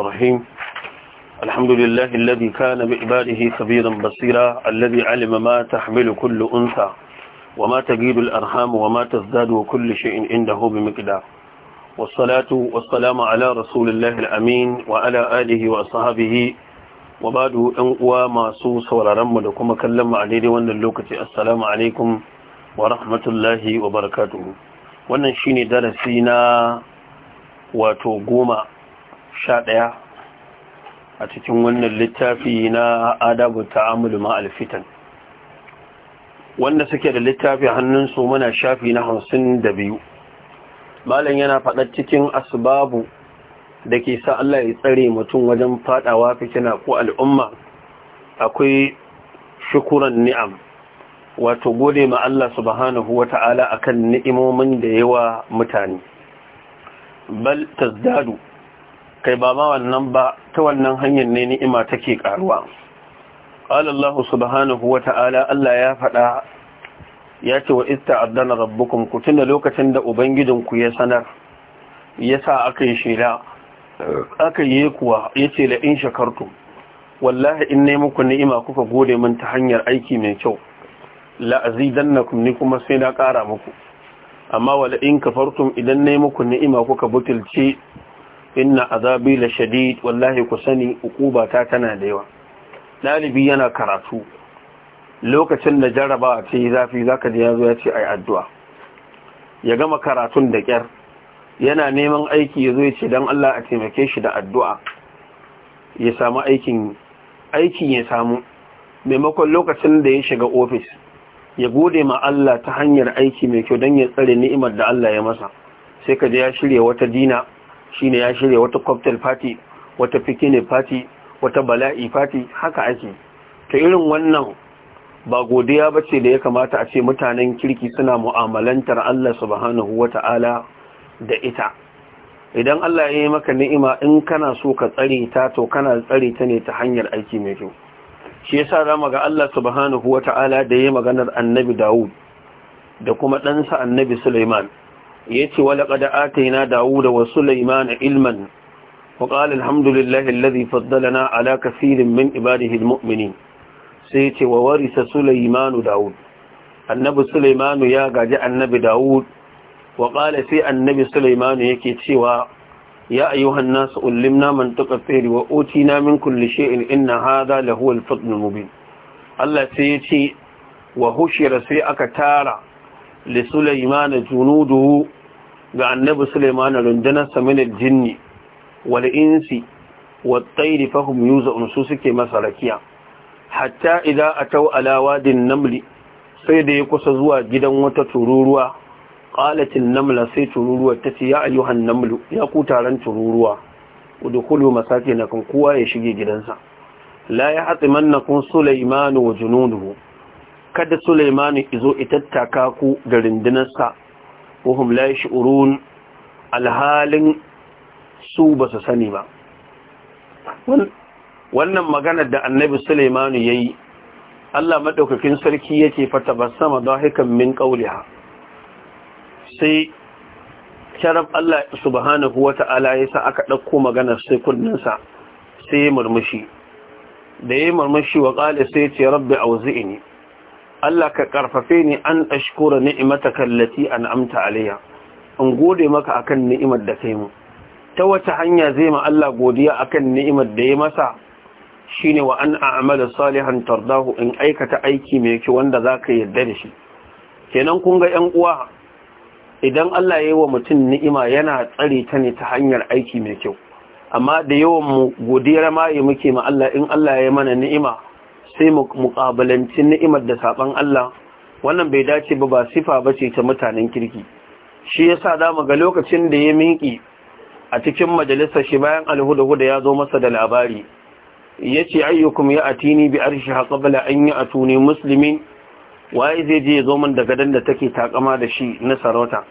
الرحيم الحمد لله الذي كان بإباده خبيرا بصيرا الذي علم ما تحمل كل أنثى وما تجيد الأرحام وما تزداد وكل شيء عنده بمقدار والصلاة والسلام على رسول الله الأمين وعلى آله وأصحابه وبعد أنقوى ما سوس وررم لكم كلم عليه وأن اللوكة السلام عليكم ورحمة الله وبركاته wannan shine darasi na wato goma sha ɗaya a cikin wannan littafi na adabu ta'amul ma'al fitan wanda suke da littafi hannunsu muna shafi na hamsin da biyu malam yana faɗa cikin asbabu da ke sa Allah ya tsare mutum wajen faɗawa fitina ko al'umma akwai shukuran ni'am wato gode ma Allah subhanahu Wata'ala ta'ala akan ni'imomin da yawa mutane bal tazdadu kai ba ma wannan ba ta wannan hanyar ne ni'ima take karuwa qala Allah subhanahu wa ta'ala Allah ya faɗa ya ce wa ista'adana rabbukum ku tuna lokacin da ku ya sanar yasa aka yi shela aka yi kuwa yace la in shakartum wallahi in ne muku ni'ima kuka gode min ta hanyar aiki mai kyau la azidannakum ni kuma sai na kara muku amma wala in kafartum idan ne muku ni'ima kuka butulce inna azabi la shadid wallahi ku sani ta tana da yawa dalibi yana karatu lokacin da jarrabawa ce zafi zaka ji yazo ya ce ai addu'a ya gama karatun da kyar yana neman aiki yazo ya ce dan Allah a taimake shi da addu'a ya samu aikin aikin ya samu maimakon lokacin da ya shiga ofis ya gode ma Allah ta hanyar aiki mai kyau dan ya tsare ni'imar da Allah ya masa sai ka je ya shirya wata dina shine ya shirya wata cocktail party wata picnic party wata bala'i party haka ake ta irin wannan ba godiya ba ce da ya kamata a ce mutanen kirki suna mu'amalantar Allah subhanahu wata'ala da ita idan Allah ya yi maka ni'ima in kana so ka tsare ta to kana tsare ta ne ta hanyar aiki mai kyau shi yasa zamu ga Allah subhanahu wata'ala da ya yi maganar Annabi Dawud da kuma ɗansa Annabi Sulaiman yace wa laqad dawo da wa sulaymana ilman wa qala alhamdulillahi alladhi na ala kaseerin min ibadihi almu'minin sai ce wa warisa sulaymanu dawo. annabi sulaymanu ya gaji annabi dawo. waƙala sai annabi sulaymanu yake cewa ya ayyuhan nas ullimna mantaqa tsiri wa utina min kulli shay'in inna haza lahu alfadl mubin Allah sai yace wa hushira sai aka tara li sulaymana junuduhu ga annabi sulaymana rundunar saminal jinni wal insi wat tayri fahum yuzun su suke masa rakiya hatta idza ataw ala wadin namli sai da ya kusa zuwa gidan wata tururuwa ƙalatin namla sai tururuwa tace ya ayyuhan namlu ya ku taran tururuwa udkhulu masakinakum kowa ya shige gidansa la ya kun sulaymanu wa junuduhu kada Suleimanu izo itattaka ku da rindinarsa wahum la yash'urun alhalin su ba su sani ba wannan maganar da annabi Sulaimanu yayi Allah madaukakin sarki yake fata basama dahikan min qawliha sai sharaf Allah subhanahu wata'ala sa aka ɗauko maganar sai sa, sai murmushi da yayi murmushi wa qala sai ce rabbi auzi'ni Allah ka karfafe ni an ashkura ni'mataka allati an'amta alayya in gode maka akan ni'imar da kai mu ta wace hanya zai ma Allah godiya akan ni'imar da ya masa shine wa an a'mala salihan tardahu in aikata aiki mai kyau wanda zaka yarda da shi kenan kun ga 'yan uwa idan Allah ya yi wa mutum ni'ima yana tsare ta ne ta hanyar aiki mai kyau amma da yawan mu godiyar ma yi muke ma Allah in Allah ya yi mana ni'ima sai mukabalanci muƙabalanci ni'imar da saban Allah wannan bai dace ba ba sifa ba ce ta mutanen kirki shi yasa sa mu ga lokacin da ya miƙi a cikin majalisar shi bayan alhudu ya zo masa da labari ya ce ayyukum ya atini bi arshi bala an yi musulmi musulmin waye zai je ya zo min da gadon da take takama da shi na sarauta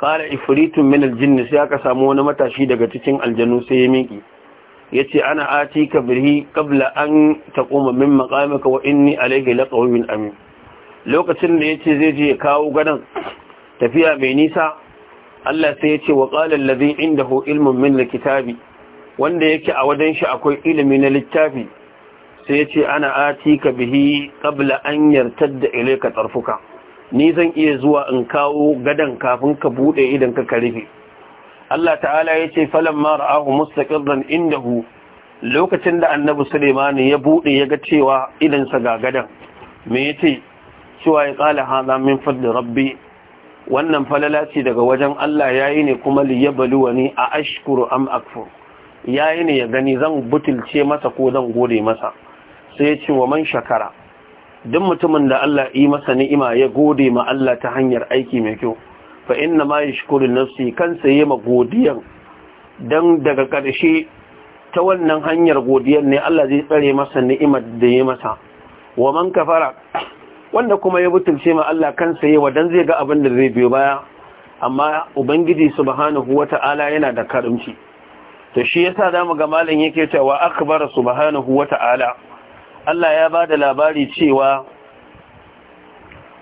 ƙara ifiritun min aljinni sai aka samu wani matashi daga cikin aljanu sai ya miƙi yace ana ka bihi qabla an taquma min maqamika wa inni alayka laqawin amin lokacin da yace zai je kawo gadan tafiya mai nisa Allah sai yace wa qala inda ho ilmun min kitabi. wanda yake a wajen shi akwai ilimi na littafi sai yace ana ka bihi qabla an yartadda ka tsarfuka. ni zan iya zuwa in kawo gadan kafin ka buɗe idan ka karfe Allah ta'ala ya ce falon mara ahu mustaƙirran indahu lokacin da annabi Suleimani ya buɗe ya ga cewa idansa ga gadan me ya ce cewa ya ƙala haza min fadli rabbi wannan falala ce daga wajen Allah ya yi ne kuma liyabaluwa ni a ashkuru am akfur ya yi ne ya gani zan butulce masa ko zan gode masa sai ya ce wa man shakara duk mutumin da Allah yi masa ni'ima ya gode ma Allah ta hanyar aiki mai kyau fa inna ma yashkuru nafsi kansa ma godiyan dan daga ƙarshe ta wannan hanyar godiyar ne Allah zai tsare masa ni'imar da ya masa wa man kafara wanda kuma ya butulce ma Allah kansa wa dan zai ga abin da zai biyo baya amma ubangiji subhanahu wata'ala yana da karimci to shi yasa zamu ga malam yake cewa akbar subhanahu wata'ala Allah ya ba da labari cewa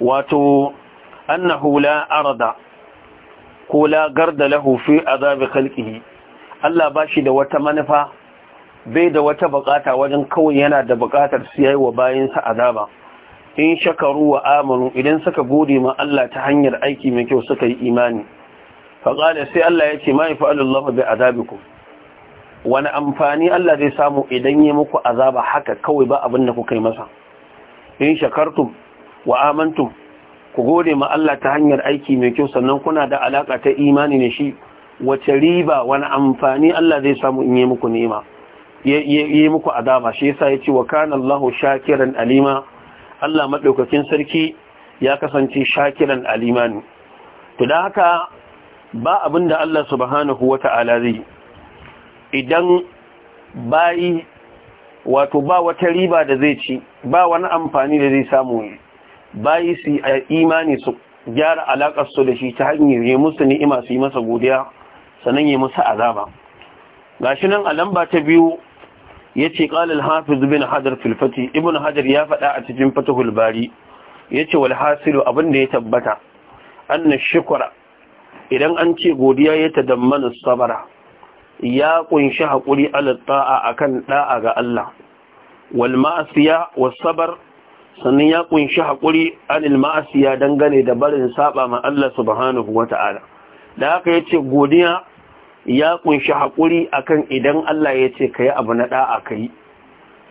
wato annahu la arda ko la da lahu a azabi khalqihi Allah ba shi da wata manufa bai da wata bukata wajen kawai yana da bukatar su yayi wa bayansa azaba in shakaru wa amanu idan suka gode ma Allah ta hanyar aiki mai kyau suka yi imani fa qala sai Allah ya ce ma yafa'alu Allah bi azabikum wani amfani Allah zai samu idan yi muku azaba haka kawai ba abin da kuka yi masa in shakartum wa amantum ku gode ma Allah ta hanyar aiki mai kyau sannan kuna da alaka ta imani ne shi wace riba wani amfani Allah zai samu in yi muku nema yi muku azaba shi yasa yace wa kana Allahu shakiran alima Allah madaukakin sarki ya kasance shakiran alima ne to dan haka ba abinda Allah subhanahu wata'ala zai idan yi wato ba wata riba da zai ci ba wani amfani da zai samu bayi su imani su gyara alaƙar su da shi ta hanyar yi musu ni'ima su yi masa godiya sannan yi musu azaba shi nan a lamba ta biyu yace ce ƙalil hafiz bin hadar filfati fatih ibn hadar ya faɗa a cikin fatahul bari yace wal hasilu abin da ya tabbata An na shukra idan an ce godiya ya dammanu sabara ya ƙunshi haƙuri alatta'a a kan ɗa'a ga Allah wal ma'asiya sabar sannan ya kunshi haƙuri anil ma'asiya dangane da barin saba ma Allah subhanahu wata'ala da haka ce godiya ya kunshi haƙuri akan idan Allah ya ce ka yi abu na ka yi,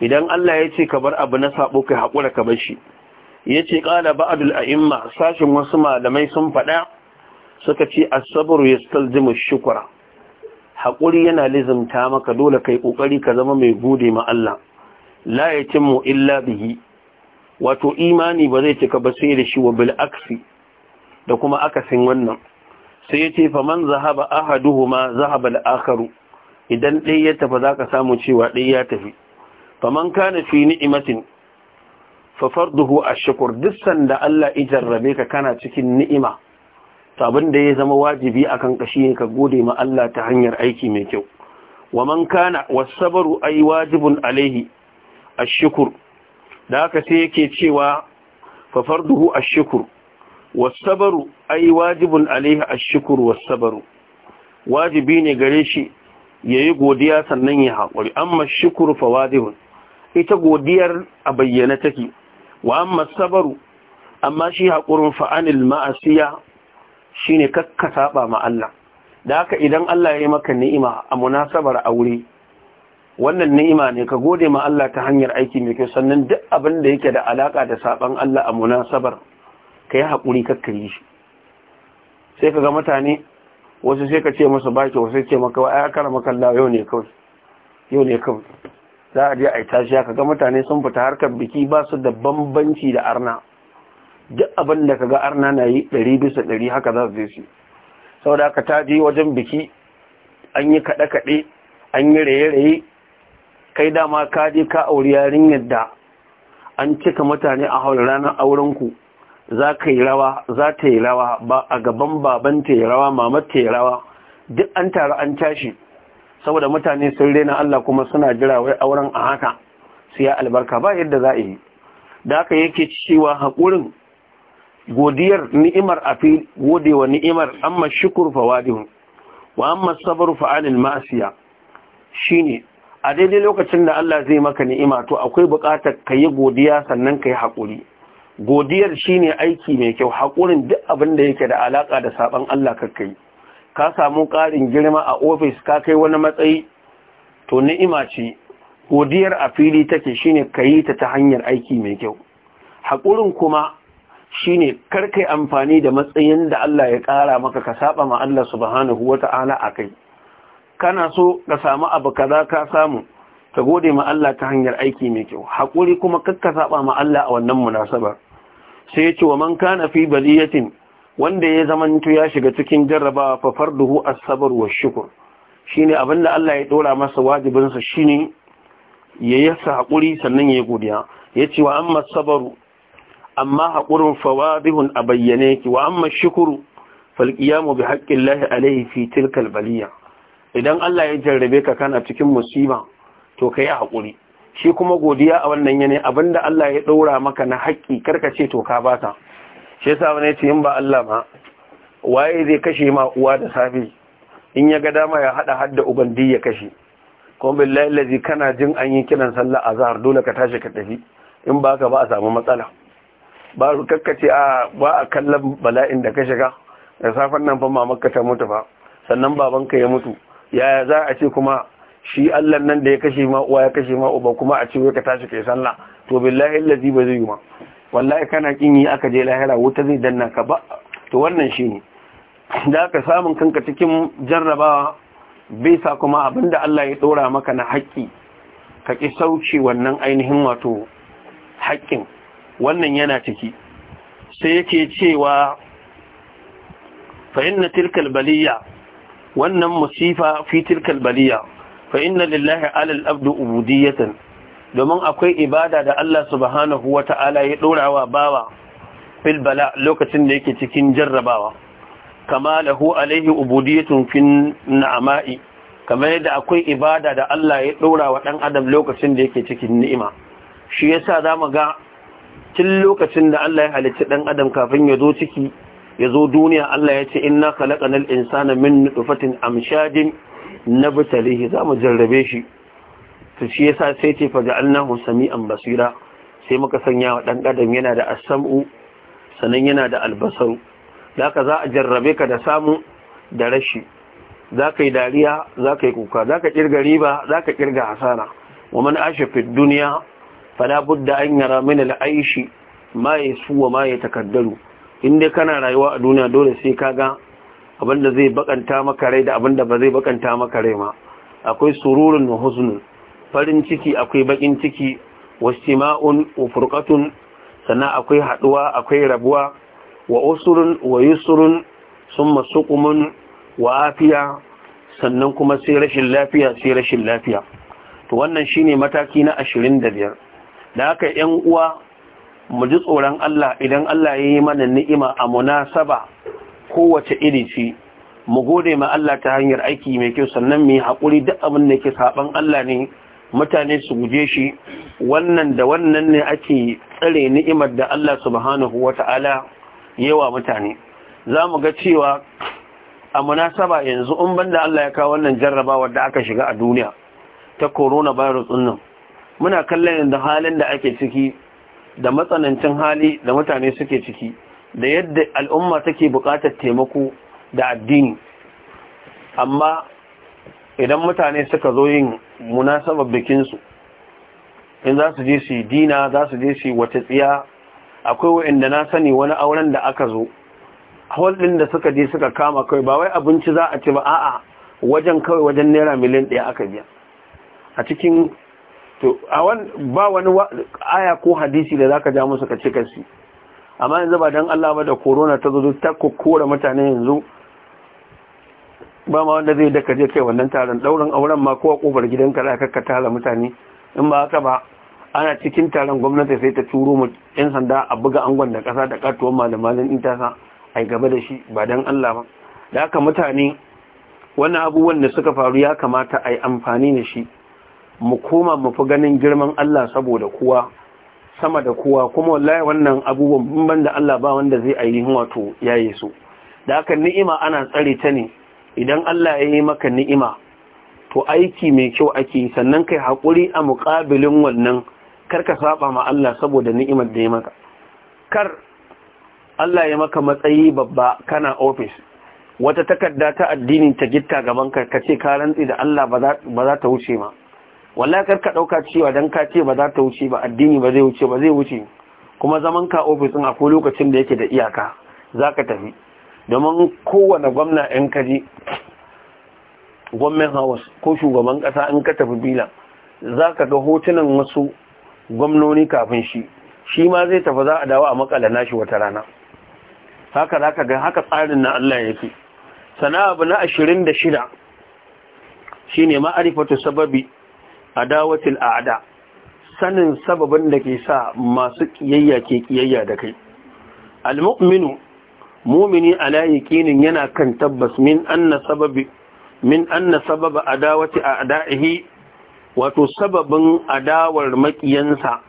idan Allah ya ce ka bar abu na saɓo kai haƙura ka bashi. Ya ce yace ba adul a'imma sashin wasu malamai sun faɗa suka ce as-sabru yastalzimu shukura. haƙuri yana lizimta maka dole kai ƙoƙari ka zama mai gode ma Allah la yatimmu illa bihi wato imani ba zai cika ba sai da shi wa bil da kuma akasin wannan sai ya ce fa man zahaba ahaduhuma zahaba al idan ɗaya ya tafi zaka samu cewa ɗaya ya tafi fa man kana fi ni'imatin fa farduhu ash-shukr duk sanda Allah ya jarrabe ka kana cikin ni'ima to abin da ya zama wajibi akan kashi ka gode ma Allah ta hanyar aiki mai kyau wa man kana was-sabru ay wajibun alayhi ash-shukr da haka sai yake cewa fa farduhu ash-shukr was-sabru ay wajibun alayhi ash-shukr was-sabru wajibi ne gare shi yayi godiya sannan ya hakuri amma ash-shukr fa wajibun ita godiyar a bayyana take wa amma as-sabru amma shi hakurin fa anil ma'asiya shine kakka saba ma Allah da haka idan Allah ya yi maka ni'ima a munasabar aure wannan ni'ima ne ka gode ma Allah ta hanyar aiki mai kyau sannan duk abin da yake da alaka da saban Allah a munasabar ka yi haƙuri yi shi sai ka ga mutane wasu sai ka ce masa baki wasu ce maka wa ya kara makalla yau ne kawai yau ne kawai za a je a yi tashi ka ga mutane sun fita harkar biki ba su da bambanci da arna duk abin da ka ga arna na yi ɗari bisa ɗari haka za su je su saboda haka ta je wajen biki an yi kaɗe-kaɗe an yi raye-raye kai dama ka je ka auri yarinyar da an cika mutane a haul ranar aurenku za ka yi rawa za ta yi rawa ba a gaban baban ta yi rawa mamar ta yi rawa duk an taru an tashi saboda mutane sun rena Allah kuma suna jira wai auren a haka su ya albarka ba yadda za a yi da haka yake cewa haƙurin godiyar ni'imar a fi godewa ni'imar amma shukur fawadin wa amma sabar fa'alin ma'asiya shine a daidai lokacin da Allah zai maka ni'ima to akwai bukatar ka yi godiya sannan ka yi haƙuri godiyar shine aiki mai kyau haƙurin duk abin da yake da alaƙa da saɓan Allah kakai. ka samu ƙarin girma a ofis ka kai wani matsayi to ni'ima ce godiyar a fili take shine ka yi ta ta hanyar aiki mai kyau haƙurin kuma shine karkai amfani da matsayin da Allah ya ƙara maka ka saba ma Allah subhanahu wa ta'ala a kai kana so ka samu abu kaza ka samu ka gode ma Allah ta hanyar aiki mai kyau haƙuri kuma kakka saba ma Allah a wannan munasabar sai ya ce wa man kana fi baliyatin wanda ya zamanto ya shiga cikin jarrabawa fa farduhu as-sabr wa shukr shine da Allah ya ɗora masa wajibinsa sa shine ya yasa haƙuri sannan ya godiya Ya ce wa amma Sabaru. amma haƙurin fawadihun a bayyane ki wa amma shukuru falƙiyamu bi haƙƙin lahi alaihi fi tilkal idan Allah ya jarrabe ka kana cikin musiba to kai haƙuri shi kuma godiya a wannan yane abinda Allah ya ɗora maka na haƙƙi karka ce to ka bata shi yasa wani ce in ba Allah ma waye zai kashe ma uwa da safi in ya ga dama ya hada hadda ubandi ya kashe kuma billahi lazi kana jin an yi kiran sallah azhar dole ka tashi ka tafi in ba ka ba a samu matsala ba kakkace a ba a kallon bala'in da ka shiga da safan nan fa mamakka ta mutu fa sannan babanka ya mutu yaya za a ce kuma shi Allah nan da ya kashe ma ya kashe ma uba kuma a ce ka tashi kai sallah to billahi allazi ba zai yi ma wallahi kana kin yi aka je lahira wuta zai danna ka ba to wannan shine da ka samun kanka cikin jarrabawa bai sa kuma abinda Allah ya dora maka na haƙƙi ka ki sauce wannan ainihin wato haƙƙin wannan yana ciki sai yake cewa fa inna tilkal baliya wannan musifa fi tilkal baliya fa inna lillahi alal abdu ubudiyatan domin akwai ibada da Allah subhanahu wa ta'ala ya dorawa bawa fil bala lokacin da yake cikin jarrabawa kama lahu alaihi ubudiyatun fin na'ama'i kamar yadda akwai ibada da Allah ya dorawa dan adam lokacin da yake cikin ni'ima shi yasa zamu ga tun lokacin da Allah ya halicci dan adam kafin ya zo ciki ya zo duniya Allah ya ce inna khalaqanal insana min nutfatin amshadin nabtalihi za mu jarrabe shi to shi yasa sai ce fa ja'alnahu sami'an basira sai muka sanya wa dan adam yana da as-sam'u sanan yana da albasaru haka za a jarrabe ka da samu da rashi za yi dariya za yi kuka zaka kirga riba zaka kirga hasara wa man asha fi duniya fala budda an yara min al-aishi ma yasu wa ma yatakaddaru inda kana rayuwa a duniya dole sai ka ga abinda zai bakanta maka rai da abinda ba zai bakanta maka rai ma akwai sururun wa farin ciki akwai bakin ciki wasima'un wa furqatun sannan akwai haduwa akwai rabuwa wa usrun wa yusrun summa suqumun wa afiya sannan kuma sai rashin lafiya sai rashin lafiya to wannan shine mataki na 25 da haka yan uwa mu ji tsoron Allah idan Allah ya yi mana ni'ima a munasaba kowace iri ce mu gode ma Allah ta hanyar aiki mai kyau sannan mu yi haƙuri duk abin da ke saban Allah ne mutane su guje shi wannan da wannan ne ake tsare ni'imar da Allah subhanahu wata'ala yawa mutane za mu ga cewa a munasaba yanzu in banda Allah ya kawo wannan jarrabawar da aka shiga a duniya ta coronavirus din nan muna kallon yanzu halin da ake ciki da matsanancin hali da mutane suke ciki da yadda al'umma take buƙatar taimako da addini amma idan mutane suka zo yin munasabar bikinsu in za su je su dina za su je su yi wata tsiya akwai wa'inda na sani wani auren da aka zo holdin da suka je suka kama kai ba wai abinci za a ci ba a'a wajen kawai wajen naira miliyan ɗaya aka biya a cikin to a wan ba wani aya ko hadisi da zaka ja musu kace kace amma yanzu ba dan Allah ba da corona ta zo ta kokkora mutane yanzu ba ma wanda zai daka je kai wannan taron daurin auren ma kowa kofar gidanka da ka tara mutane in ba haka ba ana cikin taron gwamnati sai ta turo mu yan sanda a buga angon da kasa da katuwar malamalin intasa ai gaba da shi ba dan Allah ba da haka mutane wannan abubuwan da suka faru ya kamata ai amfani da shi mu koma mu fi ganin girman Allah saboda kuwa sama da kuwa kuma wallahi wannan abubuwan mun banda Allah ba wanda zai ainihin wato yaye su da haka ni'ima ana tsare ta ne idan Allah ya yi maka ni'ima to aiki mai kyau ake sannan kai hakuri a muƙabilin wannan kar ka saba ma Allah saboda ni'imar da ya maka kar Allah ya maka matsayi babba kana ofis wata takarda ta addini ta gitta gaban ka kace ka rantsi da Allah ba za ta wuce ma wallahi kar ka dauka cewa dan ka ce ba za ta wuce ba addini ba zai wuce ba zai wuce kuma zaman ka office din akwai lokacin da yake da iyaka zaka tafi domin kowane gwamna in ka gwamnan house ko shugaban kasa in ka tafi bila zaka ga hotunan wasu gwamnoni kafin shi shi ma zai tafi za a dawo a makala nashi wata rana haka zaka ga haka tsarin na Allah yake sana abu na 26 shine ma'arifatu sababi adawatil a'da sanin sababin da ke sa masu kiyayya ke kiyayya da kai almu'minu mumini ala yaqinin yana kan tabbas min anna sababi min anna sababa adawati a'da'ihi wato sababin adawar makiyansa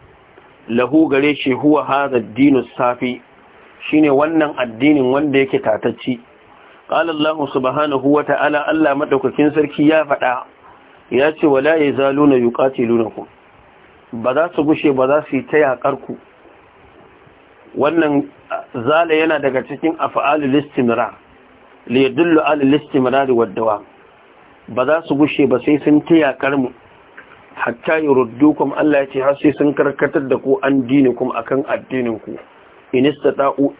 lahu gare shi huwa hadha ad-dinu safi shine wannan addinin wanda yake tatacci qala Allah subhanahu wa ta'ala Allah madaukakin sarki ya faɗa ya ce wa ya zalo na yukati ku ba za su gushe ba za su yi ta yakar ku wannan zala yana daga cikin afa'alu listimira li yadullu al listimira da waddawa ba za su gushe ba sai sun ta yakar mu hatta yurdukum Allah ya ce har sai sun karkatar da ku an dinikum akan addinin ku in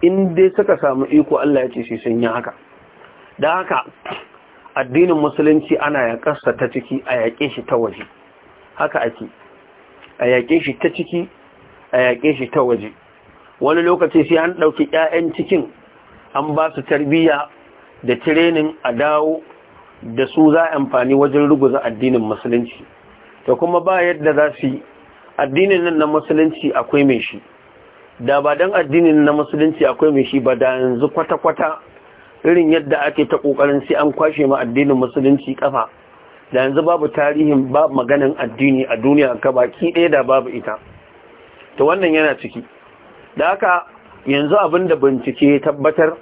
in dai suka samu iko Allah ya ce sai sun yi haka Don haka addinin musulunci ana yaƙarsa ta ciki a yaƙe shi ta waje haka ake a yaƙe shi ta ciki a yaƙe shi ta waje wani lokaci sai an ɗauki 'ya'yan cikin an ba su tarbiyya da tirenin a dawo da su za a amfani wajen ruguza addinin musulunci da kuma ba yadda za su yi addinin nan na musulunci akwai mai shi da ba don addinin na musulunci akwai mai shi ba da yanzu kwata-kwata irin yadda ake ta kokarin sai an kwashe ma addinin musulunci kafa da yanzu babu tarihin ba maganin addini a duniya ka baki ɗaya da babu ita to wannan yana ciki da haka yanzu abin da bincike tabbatar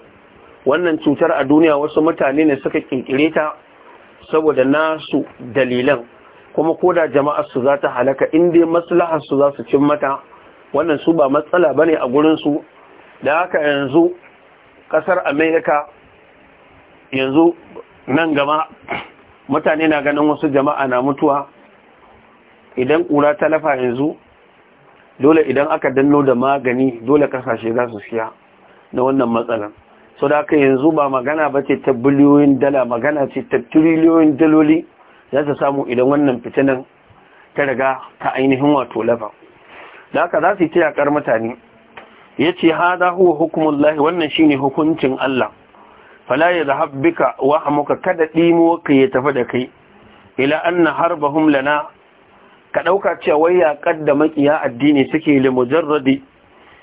wannan cutar a duniya wasu mutane ne suka kinkire ta saboda nasu dalilan kuma koda jama'ar su za ta halaka in dai maslahar su za su cin mata wannan su ba matsala bane a gurin su da haka yanzu kasar Amerika yanzu nan gama mutane na ganin wasu jama'a na mutuwa idan ƙura ta lafa yanzu dole idan aka danno da magani dole kasashe za su siya na wannan matsalan so da aka yanzu ba magana ba ce ta biliyoyin dala magana ce ta tiriliyoyin daloli za su samu idan wannan fitinan ta riga ta ainihin wato lafa da aka za su yi tiyakar mutane ya ce ha za huwa hukumullahi wannan shine hukuncin Allah fala ya zahab bika wahamuka kada ɗimo ka ya tafi da kai ila anna harbahum lana ka ɗauka cewa wai yaƙar da maƙiya addini suke li mujarradi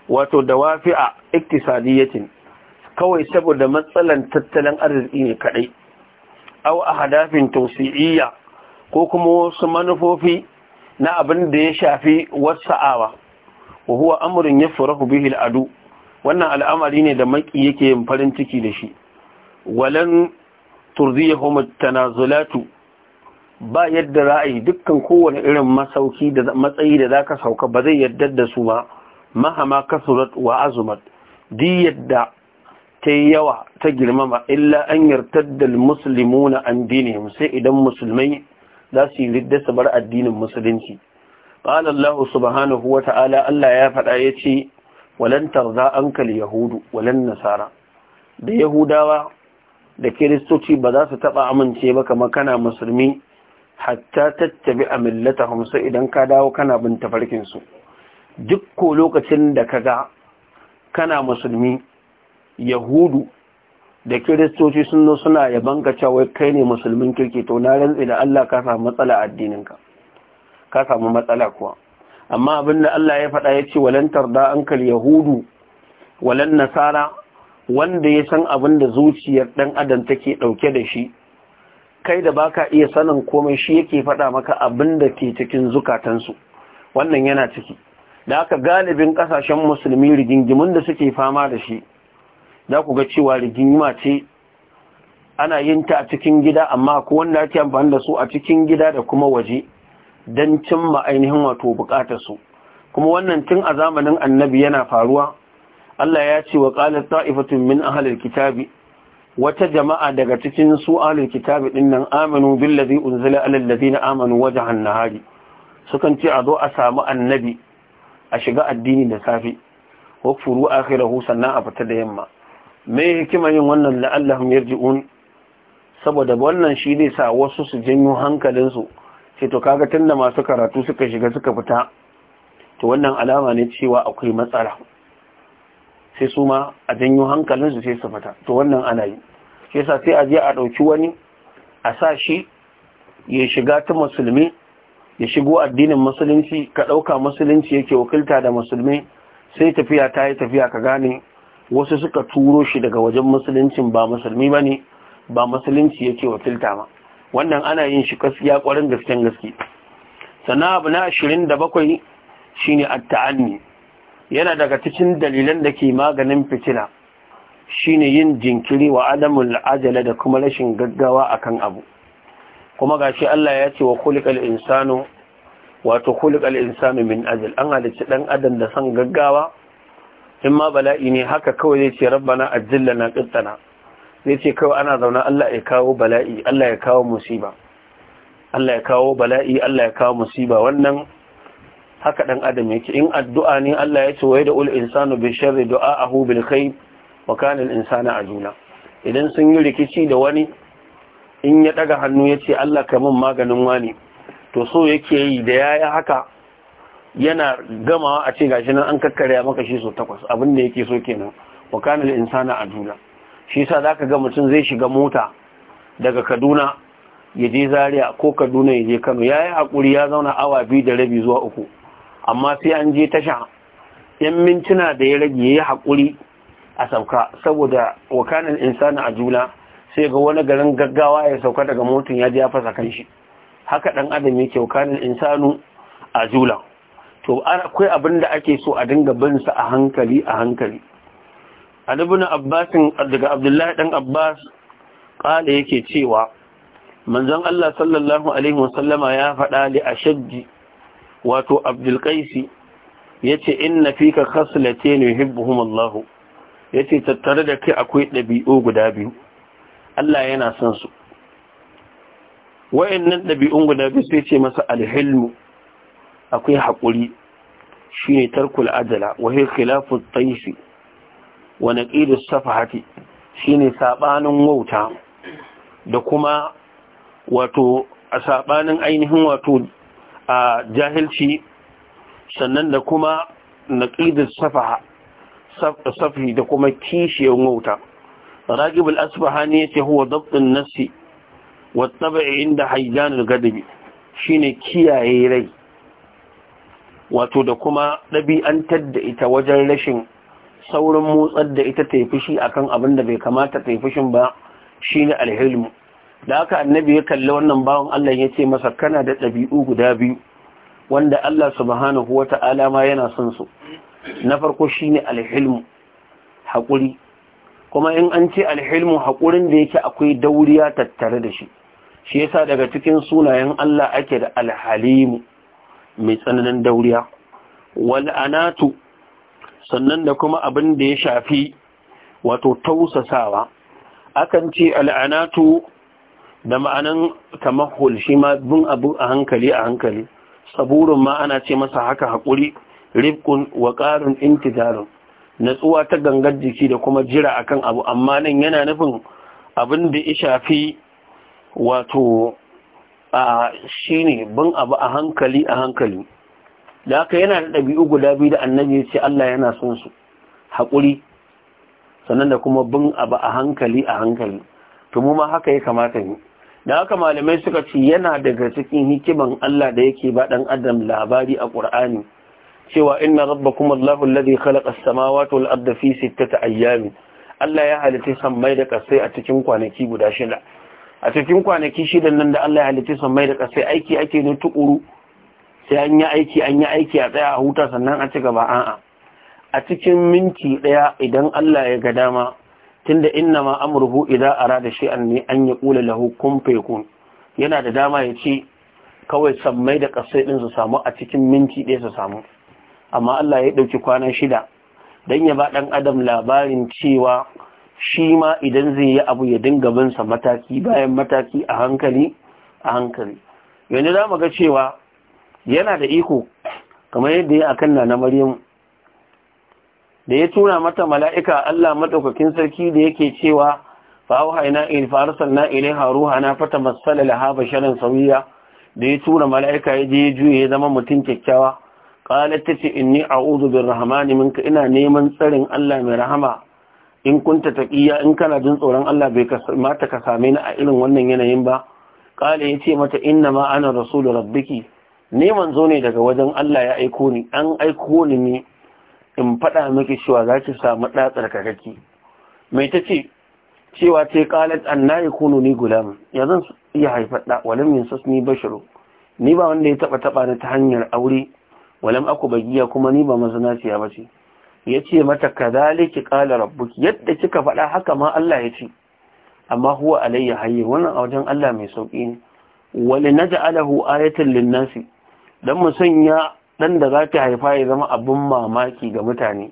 wato da wafi'a iktisadiyatin kawai saboda matsalan tattalin arziki ne kaɗai aw ahdafin tawsi'iyya ko kuma wasu manufofi na abin da ya shafi wasa'awa wa huwa amrun yafrahu bihi al'adu wannan al'amari ne da maki yake yin farin ciki da shi walan turziyahum at-tanazulatu ba yadda ra'ayi dukkan kowane irin masauki da matsayi da zaka sauka ba zai yadda da su ba mahama kasurat wa azumat di yadda ta yawa ta girmama illa an yartadda al-muslimuna an dinihim sai idan musulmai za su yi ridda su bar addinin musulunci qala Allah subhanahu wa ta'ala Allah ya faɗa yace walan tarza anka al-yahudu walan nasara da yahudawa da kiristoci ba za su taɓa amince ba kamar kana musulmi hatta tattabi a millata hamsa idan ka dawo kana bin tafarkinsu duk ko lokacin da ka ga kana musulmi yahudu da kiristoci sun zo suna yaban ka cewa kai ne musulmin kirki to na rantsi da Allah ka samu matsala addininka ka samu matsala kuwa amma abin da Allah ya faɗa ya ce walantar da ankal yahudu walan nasara wanda ya san abin da zuciyar ɗan adam take ɗauke da shi kai da baka iya sanin komai shi yake faɗa maka abin da ke cikin zukatansu wannan yana ciki da aka galibin ƙasashen musulmi rigingimin da suke fama da shi za ku ga cewa rigingima ce ana yin ta a cikin gida amma ko wanda ake amfani da su a cikin gida da kuma waje don cimma ainihin wato bukatar su kuma wannan tun a zamanin annabi yana faruwa Allah ya ce wa ƙalar ta'ifatun min ahlil kitabi wata jama'a daga cikin su ahlil kitabi dinnan amanu billazi unzila alal ladina amanu wajhan hannahari sukan ce a zo a samu annabi a shiga addini da safi wakfuru akhirahu sannan a fita da yamma me hikima yin wannan yarji un, saboda wannan shi ne sa wasu su janyo hankalinsu sai to kaga tun da masu karatu suka shiga suka fita to wannan alama ne cewa akwai matsala sai su ma a janyo hankalinsu sai su fita to wannan ana yi shi yasa sai a je a ɗauki wani a sa shi ya shiga ta musulmi ya shigo addinin musulunci ka ɗauka musulunci yake wakilta da musulmi sai tafiya ta yi tafiya ka gane wasu suka turo shi daga wajen musuluncin ba musulmi ba ne ba musulunci yake wakilta ba. wannan ana yin shi gaskiya kwarin gasken gaske sannan abu na ashirin da bakwai shine at-ta'anni yana daga cikin dalilan da ke maganin fitina shine yin jinkiri wa adamul ajala da kuma rashin gaggawa akan abu kuma gashi Allah ya ce wa khuliqal insanu wato khuliqal insanu min ajal an halicci dan adam da san gaggawa in ma bala'i ne haka kawai zai ce rabbana na qittana zai ce kawai ana zauna Allah ya kawo bala'i Allah ya kawo musiba Allah ya kawo bala'i Allah ya kawo musiba wannan haka dan adam yake in addu'a ne Allah ya ce wai da ul insanu bi sharri du'a'ahu bil khair wa kana al insana ajula idan sun yi rikici da wani in ya daga hannu ya ce Allah ka min maganin wani to so yake yi da yayi haka yana gamawa a ce gashi nan an kakkarya maka shi so takwas abin da yake so kenan wa kana al insana ajula shi yasa zaka ga mutum zai shiga mota daga Kaduna ya je Zaria ko Kaduna ya je Kano yayi hakuri ya zauna awa biyu da rabi zuwa uku amma sai an je tasha yan mintuna da ya rage yi haƙuri a sauka saboda wakanan insana a juna, sai ga wani garin gaggawa ya sauka daga motun ya ji ya fasa shi, haka ɗan adam yake wakanan insanu a jula to akwai abin da ake so a dinga bin sa a hankali a hankali ibn Abbas daga Abdullahi dan Abbas kala yake cewa manzon Allah sallallahu alaihi wasallama ya faɗa li ashaddi wato abdulkaisi ya ce inna fi ka khaslate ne hibbuhum ya ce tattare da kai akwai ɗabi'u guda biyu allah yana son su wayannan ɗabi'un guda biyu sai ce masa alhilmu akwai haƙuri shine tarkul ajala wa hiya khilafu taysi wa naqidu safahati shine sabanin wauta da kuma wato a sabanin ainihin wato a jahilci sannan da kuma naqidus safaha safi da kuma kishiyar wauta ragib al ya ce huwa dabbin nafsi wa tabi'i inda hayyan al-gadabi shine kiyaye rai wato da kuma ɗabi'antar da ita wajen rashin saurin motsar da ita taifishi akan abin da bai kamata taifishin ba shine alhilmu da haka annabi ya kalli wannan bawan Allah ya ce masa kana da ɗabi'u guda biyu wanda Allah subhanahu wata'ala ma yana son su na farko shine alhilmu haƙuri kuma in an ce alhilmu haƙurin da yake akwai dauriya tattare da shi shi yasa daga cikin sunayen Allah ake da alhalimu mai tsananin dauriya wal anatu sannan da kuma abin da ya shafi wato tausasawa akan ce al'anatu da ma'anan tamahul shi ma bin abu a hankali a hankali saburin ma ana ce masa haka haƙuri rifkun wa ƙarin intijarun natsuwa ta gangar jiki da kuma jira akan abu amma nan yana nufin abin da ya shafi wato a shine bin abu a hankali a hankali da haka yana da ɗabi'u guda biyu da annabi ce Allah yana son su haƙuri sannan da kuma bin abu a hankali a hankali to haka ya kamata ne da haka malamai suka ce yana daga cikin hikiman Allah da yake ba dan adam labari a Qur'ani cewa inna rabbakum Allahu alladhi khalaqa as-samawati wal arda fi sittati ayyamin Allah ya halitta sammai da kasai a cikin kwanaki guda shida a cikin kwanaki shida nan da Allah ya halitta sammai da kasai aiki ake ne tukuru sai an yi aiki an yi aiki a tsaya a huta sannan a ci gaba a'a a cikin minti daya idan Allah ya ga dama tunda inna ma amruhu idza arada shay'an ne an yaqula lahu kun fayakun yana da dama ya ce kawai san mai da kasai din su samu a cikin minti ɗaya su samu amma Allah ya dauki kwana shida dan ya ba dan adam labarin cewa shi ma idan zai yi abu ya dinga bin sa mataki bayan mataki a hankali a hankali yanzu za mu ga cewa yana da iko kamar yadda ya akan na na Maryam da ya tura mata mala'ika Allah maɗaukakin sarki da yake cewa fa auhayna in fa arsalna "Na fata fatamassala laha basharan sauyiya. da ya tura mala'ika ya je juye ya zama mutum kyakkyawa a tace bin rahama ne minka ina neman tsarin Allah mai rahama in kunta taƙiya in kana jin tsoron Allah bai mata ka same ni a irin wannan yanayin ba ya ce mata inna ma ana rasulu rabbiki Neman zo ne daga wajen Allah ya aiko ni an aiko ni ne in faɗa miki cewa za ki samu ɗa tsarkakaki mai ta ce cewa ce kalat an na kunu ni gulam ya zan iya haifar ɗa walam yin ni bashiru ni ba wanda ya taɓa taɓa ni ta hanyar aure walam aku bagiya kuma ni ba mazinaciya ba ce ya ce mata kadhalika qala rabbuki yadda kika faɗa haka ma Allah ya ce amma huwa alayya hayy wannan a wajen Allah mai sauƙi ne wal naj'alahu ayatan lin-nasi dan mu sanya dan da za ta haifa ya zama abin mamaki ga mutane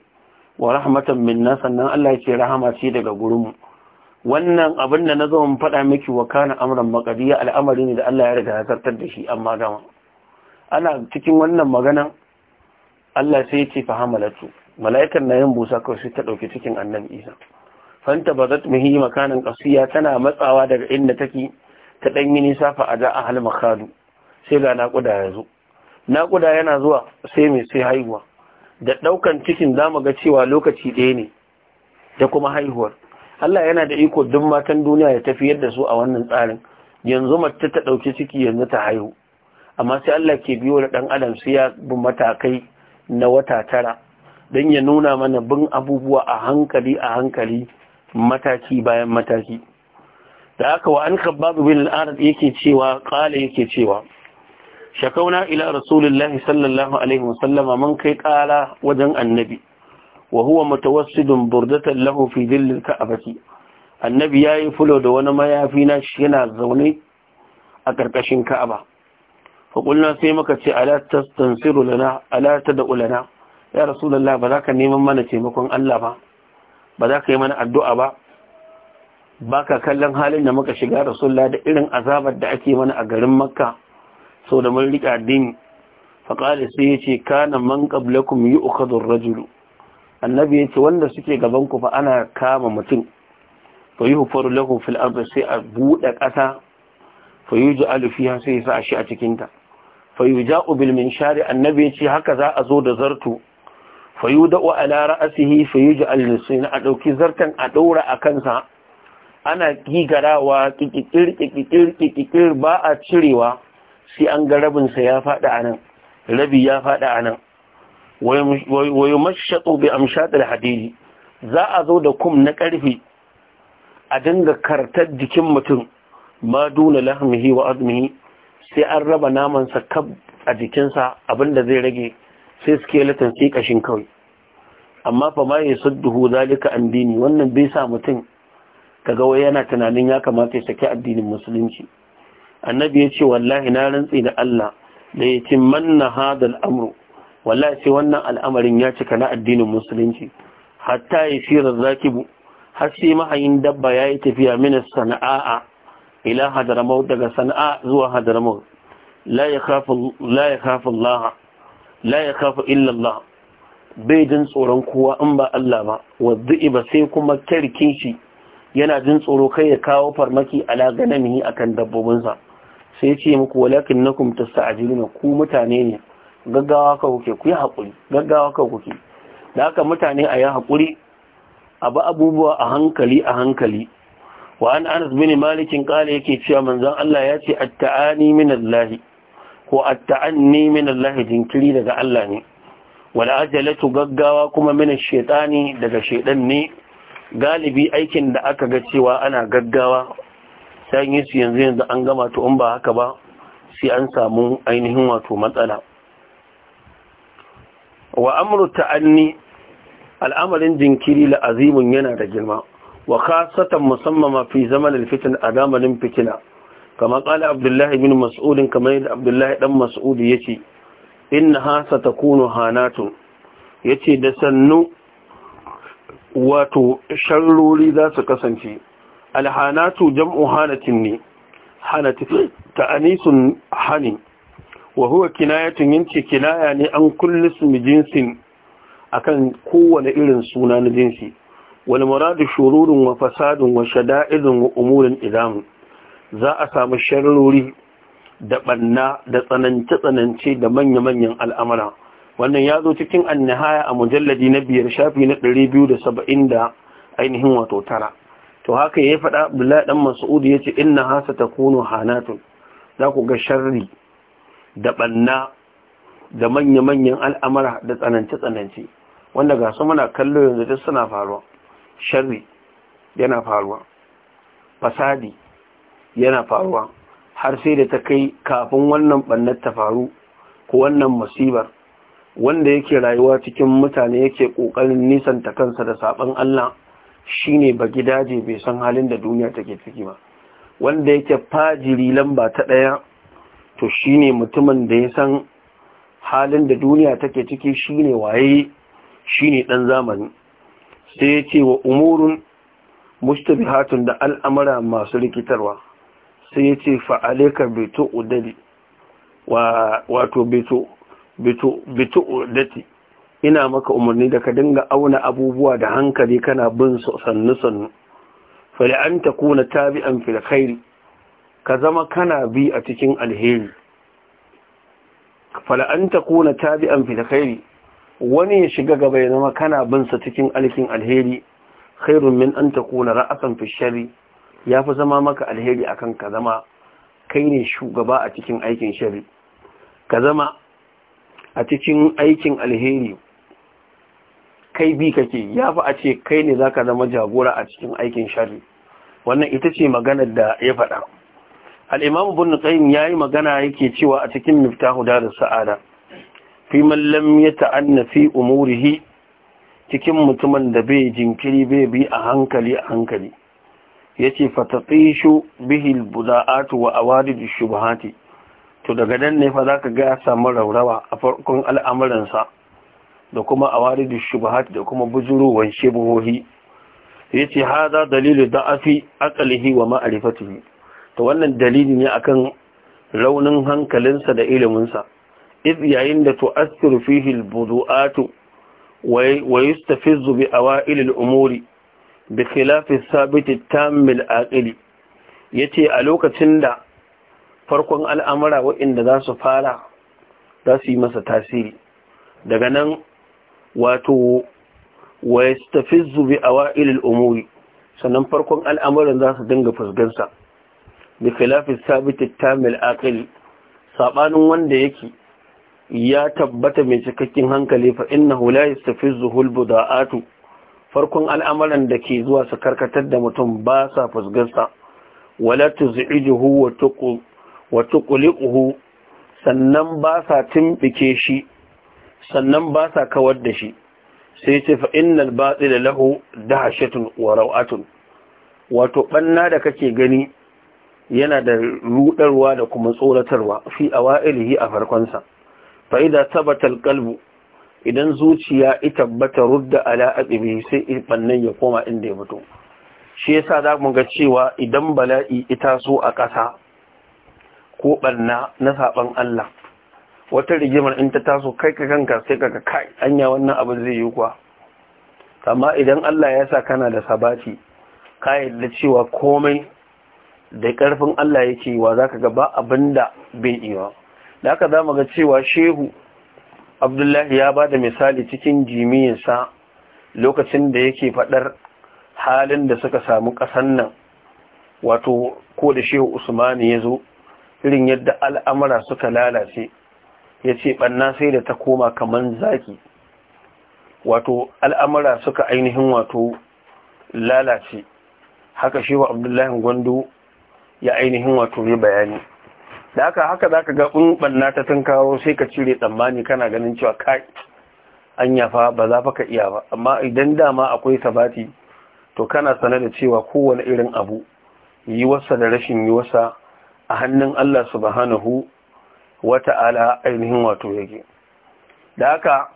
wa rahmatan minna sannan Allah ya ce rahama ce daga gurinmu wannan abin da na zo mun faɗa miki wa kana amran maqdiya al'amari ne da Allah ya riga ya zartar da shi amma gama ana cikin wannan maganar Allah sai ya ce fa hamalatu mala'ikan na yin busa kawai sai ta ɗauki cikin annabi Isa fanta bazat mihi makanan qasiya tana matsawa daga inda take ta dan yi nisa fa ada ahal makhadu sai ga naƙuda ya zo naƙuda yana zuwa sai mai sai haihuwa da ɗaukan cikin zamu ga cewa lokaci ɗaya ne da kuma haihuwar Allah yana da iko duk matan duniya ya tafi yadda su a wannan tsarin yanzu mace ta ɗauki ciki yanzu ta haihu amma sai Allah ke biyo da ɗan adam sai ya bi matakai na wata tara don ya nuna mana bin abubuwa a hankali a hankali mataki bayan mataki da aka wa an babu bin al yake cewa qala yake cewa shakauna ila rasulullahi sallallahu alaihi wasallama mun kai ƙara wajen annabi wa huwa mutawassidun burdatan lahu fi dhillil ka'bati annabi yayi fulo da wani mayafi na shi yana zaune a karkashin ka'aba fa qulna sai muka ce ala tastansiru lana ala tad'u lana ya rasulullahi ba za ka neman mana taimakon Allah ba ba za ka yi mana addu'a ba baka kallon halin da muka shiga rasulullah da irin azabar da ake mana a garin makka sau da mun riƙe addini faƙali sai ya ce kana man qablakum yu'khadhu ar-rajulu annabi ya ce, wanda suke gaban ku fa ana kama mutum fa yuhfaru lahu fil arba sai a buɗe ƙasa fa alufi fiha sai sa shi a fa yi ja ubil min share. annabi ya ce, haka za a zo da zartu fa yuda'u ala ra'sihi fa yuj'al lisina a ɗauki zartan a ɗaura a kansa ana gigarawa kikikir kikikir ba a cirewa sai an ga rabinsa ya faɗi a nan rabi ya faɗi a nan wayo bi bai amshaɗar hadiri za a zo da kum na ƙarfi a dinga kartar jikin mutum ma duna lahmihi wa azmihi sai an raba namansa kab a jikinsa abinda zai rage sai skeleton sai kashin kawai amma fa ma ya sadduhu zalika an dini wannan bai sa mutum kaga wai yana tunanin ya kamata ya saki addinin musulunci annabi ya ce wallahi na rantsi da Allah da ya ce manna hadal amru wallahi sai wannan al'amarin ya cika na addinin musulunci hatta ya sira zakibu har sai mahayin dabba ya yi tafiya mina sana'a ila hadramaut daga sana'a zuwa hadramaut la ya kafa Allah la ya bai jin tsoron kowa in ba Allah ba wadda'i ba sai kuma kirkin shi yana jin tsoro kai ya kawo farmaki ala ganamihi akan dabbobinsa sai ce muku walakin nakum tasta'jiluna ku mutane ne gaggawa ka kuke ku yi hakuri gaggawa ka kuke da haka mutane a yi hakuri ba abubuwa a hankali a hankali wa an anas bin malikin kala yake cewa manzon Allah ya ce atta'ani min Allah ko atta'anni min Allah jinkiri daga Allah ne wal ajalatu gaggawa kuma min shaytani daga shaidan ne galibi aikin da aka ga cewa ana gaggawa sai yin su yanzu yanzu an gama to in ba haka ba sai an samu ainihin wato matsala wa amru ta'anni al'amarin jinkiri azimun yana da girma wa khasatan musamman fi zaman al a zamanin fitna kama kala abdullahi bin mas'udin kamar yadda abdullahi dan mas'ud yace inna ha satakunu hanatun yace da sannu wato sharrori za su kasance alhanatu jam'u hanatin ne hanatin ta'anisun hani wa kinayatun yanci kinaya ne an kulli su jinsin akan kowane irin suna na jinsi wani muradu shururun wa fasadun wa wa umurin idamu za a samu sharrori da banna da tsanance-tsanance da manya-manyan al'amura wannan ya zo cikin annihaya a mujalladi na biyar shafi na 270 da ainihin wato tara to haka ya faɗa abdullahi dan mas'ud yace inna hasa takunu hanatun za ku ga sharri da banna da manya-manyan al'amara da tsanance-tsanance wanda ga su muna kallo yanzu duk suna faruwa sharri yana faruwa fasadi yana faruwa har sai da ta kai kafin wannan bannar ta faru ko wannan masibar. wanda yake rayuwa cikin mutane yake kokarin nisanta kansa da sabon Allah shine ba gidaje bai san halin da duniya take ciki ba wanda yake fajiri lamba ta ɗaya to shine mutumin da ya san halin da duniya take ciki shine waye shine ɗan zamani sai ya ce wa umurun mustabihatun da al'amura masu rikitarwa sai ya ce fa'aleka beto udari wato beto beto ina maka umarni da ka dinga auna abubuwa da hankali kana bin sannu sannu fali an ta kuna tabi'an fil ka zama kana bi a cikin alheri fali an ta kuna tabi'an fil wani ya shiga gaba ya zama kana bin sa cikin alkin alheri khairun min an ta kuna ra'asan fi shari ya fi zama maka alheri akan ka zama kai ne shugaba a cikin aikin shari ka zama a cikin aikin alheri kai bi kake ya fi a ce kai ne zaka zama jagora a cikin aikin shari wannan ita ce maganar da ya faɗa alimamu bin qayyim ya yi magana yake cewa a cikin miftahu da sa'ada fi mallam ya ta'anna fi umurihi cikin mutumin da bai jinkiri bai bi a hankali a hankali yace fatatishu bihi al-buda'atu wa to daga nan ne fa zaka ga samu raurawa a farkon al'amuransa da kuma awaridu shubuhat da kuma bujuruwan shubuhohi yace haza dalilu da'afi aqlihi wa ma'rifatihi Ta wannan dalilin ne akan raunin hankalinsa da iliminsa iz yayin da tu'assiru fihi al-budu'atu wa yustafizzu bi awa'il al-umuri bi khilafi sabit at-tam al-aqli yace a lokacin da farkon al'amura waɗanda za su fara za su yi masa tasiri daga nan wato wa yastafizzu bi awa'il al-umuri sannan farkon al'amuran za su dinga fusgansa bi khilafi sabit tamil aqil sabanin wanda yake ya tabbata mai cikakken hankali fa innahu la yastafizu al-buda'atu farkon al'amuran da ke zuwa su karkatar da mutum ba sa fusgansa wala tuz'ijuhu wa tuqu wa tuqliquhu sannan ba sa timbike shi sannan ba sa kawar da shi sai ce fa innal batil lahu dahshatun wa raw'atun wato banna da kake gani yana da rudarwa da kuma tsoratarwa fi awailihi a farkon sa fa idza thabata alqalbu idan zuciya ita tabbata rudda ala aqibi sai bannan ya koma inda ya fito shi yasa za mu ga cewa idan bala'i ita so a ƙasa ko banna na saban Allah wata rigimar in ta taso kai ka kanka sai ka kai anya wannan abin zai yi kuwa amma idan Allah ya sa kana da sabati ka yadda cewa komai da karfin Allah yake wa zaka ga ba abinda bai yi da haka zamu ga cewa shehu Abdullahi ya bada misali cikin jimiyinsa lokacin da yake fadar halin da suka samu kasan nan wato ko da shehu Usmani ya zo irin yadda al'amura suka lalace ya ce ɓanna sai da ta koma kamar zaki wato al'amura suka ainihin wato lalace haka shi wa abdullahi gwando ya ainihin wato ne bayani da haka haka za ka gaɓin ɓanna ta tun kawo sai ka cire tsammani kana ganin cewa kai an yafa ba za fa ka iya ba amma idan dama akwai sabati to kana sane da cewa kowane irin abu yi wasa da rashin yi wasa a hannun Allah subhanahu Wata ala ainihin wato yake da haka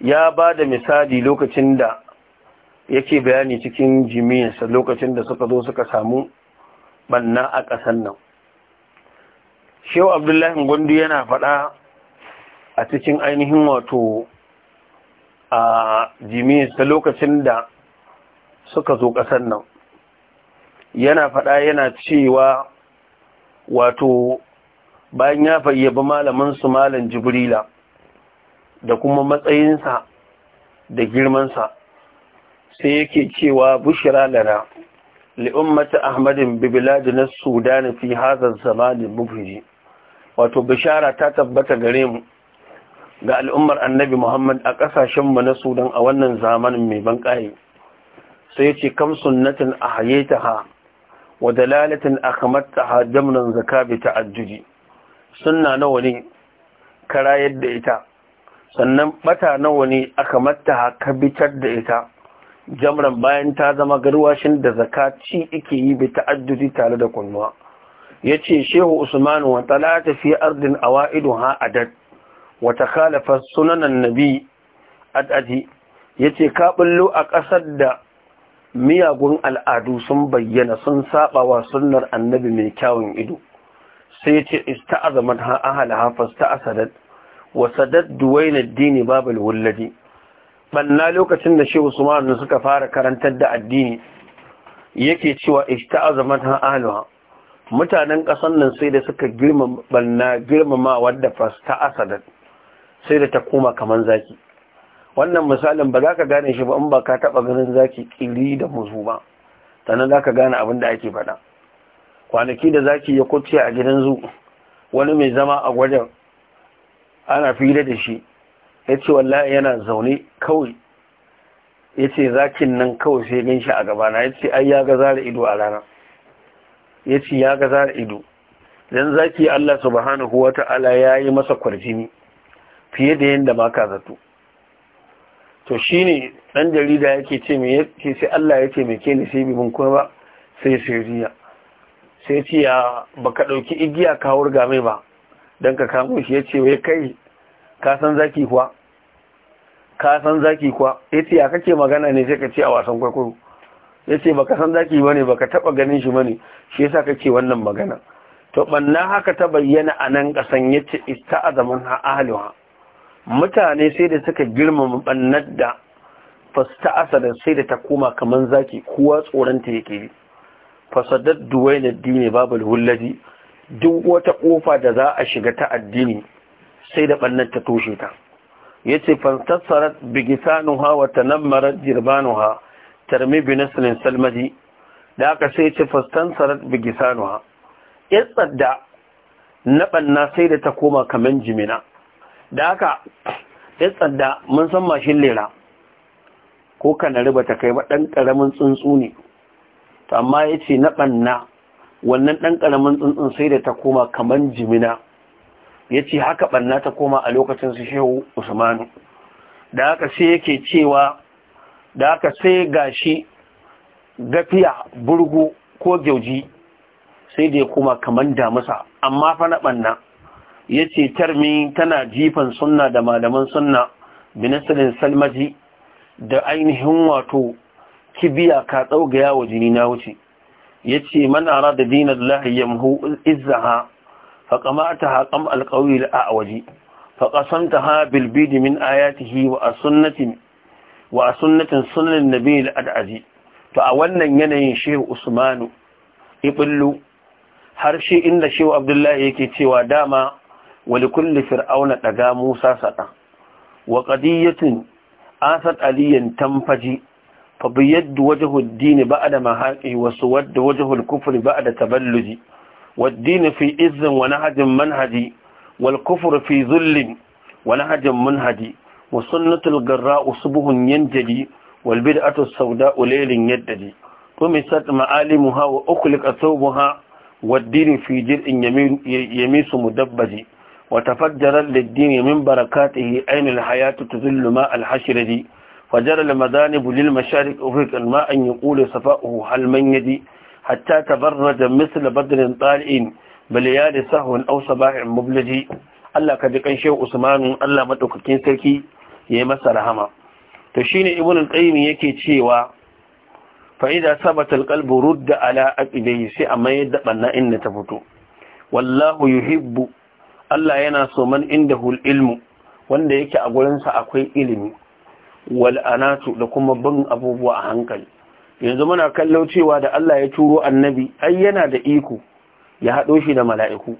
ya ba da misali lokacin da yake bayani cikin jimiyarsa lokacin da suka zo suka samu banna a ƙasan nan shehu abdullahi gundu yana faɗa a cikin ainihin wato a jimiyarsa lokacin da suka zo ƙasar nan yana faɗa yana cewa wato bayan ya fayyaba malamin su malam jibrila da kuma matsayinsa da girmansa sai yake cewa bushira lara li'ummata ahmadin bibiladi na sudan fi hazar zamanin mufiji wato bishara ta tabbata gare mu ga al'ummar annabi muhammad a ƙasashenmu na sudan a wannan zamanin mai ban ƙaye sai ce kam sunnatin a ha wa dalalatin a kamar ta hajjamnan zakabi ta ta'ajjuji sunna nawa ne kara da ita sannan bata nawa ne aka mata ka bitar da ita jamran bayan ta zama garwashin da zakaci ike yi bi ta'addudi tare da kunnuwa yace shehu usman wa talata fi ardin awaiduha adad wa takhalafa sunanan nabi adadi yace ka bullo a ƙasar da miyagun al'adu sun bayyana sun saba wa sunnar annabi mai kyawun ido sai ya ce azaman ha ahala hafas ta wa sadat duwaina dini babal wulladi banna lokacin da shehu usman suka fara karantar da addini yake cewa azaman ha ahluha mutanen ƙasan nan sai da suka girmama banna girmama wadda fasta sai da ta koma kaman zaki wannan misalin ba za ka gane shi ba in ba ka taɓa ganin zaki ƙiri da musu ba sannan za ka gane abin da ake faɗa kwanaki da zaki ya kuce a gidan zu wani mai zama a gwajin ana fira da shi ya ce wallahi yana zaune kawai ya ce zakin nan kawai sai gan shi a gabana ya ce ai ya ga zara ido a rana ya ce ya ga zara ido don zaki Allah subhanahu wa ta'ala ya yi masa kwarjini fiye da yadda ma zato to shi ne ɗan jarida yake ce me yake sai Allah ya ce me ke sai bi mun kuma ba sai riya sai ce ya baka ɗauki igiya ka wurga mai ba don ka kamo shi ya ce wai kai ka san zaki kuwa ka zaki kuwa ya ce ya kake magana ne sai ka ce a wasan kwaikwayo ya ce baka san zaki ba ne baka taɓa ganin shi ba ne shi yasa kake wannan magana to banna haka ta bayyana a nan ƙasan ya ce ita a zaman ahaliwa mutane sai da suka girmama bannar da fasta asarar sai da ta koma kamar zaki kowa tsoronta yake yi fasadar duwai na dini babal hulladi duk wata kofa da za a shiga ta addini sai da ɓannan ta toshe ta ya ce fantassarar bigisanuha wata nan marar jirbanuha tarmi binasirin salmadi da aka sai ce fantassarar bigisanuha ya tsadda na ɓanna sai da ta koma kamar jimina da aka ya mun san mashin lera ko kanari ba ta kai ba ɗan ƙaramin tsuntsu ne to amma ya ce na ɓanna wannan ɗan ƙaramin tsuntsun sai da ta koma kaman jimina ya ce haka ɓanna ta koma a lokacin su shehu usmanu da haka sai yake cewa da haka sai gashi gafiya burgu ko gyauji sai da ya koma kaman damusa amma fa na ɓanna ya ce tarmi tana jifan sunna da malaman sunna binasirin salmaji da ainihin wato kibiya ka tsaugaya wa jini na wuce yace man arada dinallahi yamhu izha fa qamata haqam alqawi alawaji fa qasamtaha bil bid min ayatihi wa sunnati wa sunnatin sunnan nabi aladazi to a wannan yanayin shehu usmanu ibullu har shi inda shehu abdullahi yake cewa dama wali kulli fir'auna daga musa sada wa qadiyatin asad aliyan tamfaji فبيد وجه الدين بعد محاقه وسود وجه الكفر بعد تبلدي والدين في إذ ونهج منهجي والكفر في ذل ونهج منهجي وسنة الجراء صبه ينجدي والبدعة السوداء ليل يددي طمست معالمها وأخلق ثوبها والدين في جرء يميس مدبجي وتفجر للدين من بركاته أين الحياة تذل ماء دي فجر المذانب للمشارق أفريقا ما أن يقول صفاؤه هل من يدي حتى تبرد مثل بدل طالئين بليال سهو أو صباح مبلجي الله كذلك شيء أسمان الله مدوككين سركي يمس رحمه تشين ابن القيم يكي تشيوا فإذا ثبت القلب رد على أكده سأما يدبنا إن تفتو والله يحب الله يناس من عنده العلم wanda يكي أقول gurinsa akwai إلمي wal'anatu da kuma bin abubuwa a hankali yanzu muna kallo cewa da Allah ya turo annabi ai yana da iko ya haɗo shi da mala'iku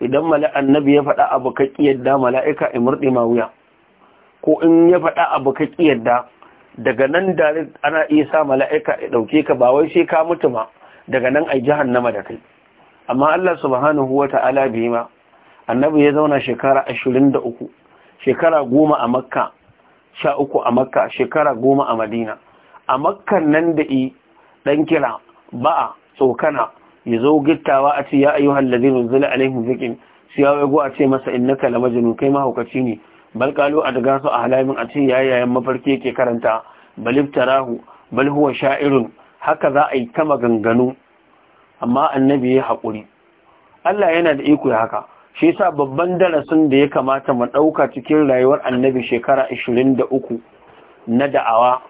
idan annabi ya faɗa abu ka ƙiyadda mala'ika imurɗi ma wuya ko in ya faɗa abu ka ƙiyadda daga nan da ana iya sa mala'ika ya ɗauke ka ba wai sai ka mutu ma daga nan ai hannama da kai amma Allah subhanahu wa ta'ala biyu ma annabi ya zauna shekara ashirin da uku shekara goma a makka sha uku a makka shekara goma a madina a makkan nan da i ɗan kira ba'a tsokana ya zo gittawa a ce ya ayi hallazi zila alaihim zikin su ya wago a ce masa na kala majinu kai mahaukaci ne bal a daga su a halamin a ce yayi yayan mafarki ke karanta baliftarahu balhuwa sha sha'irun haka za a yi ta maganganu amma annabi ya haƙuri Allah yana da iko haka shi yasa babban darasin da ya kamata mu ɗauka cikin rayuwar annabi shekara 23 na da'awa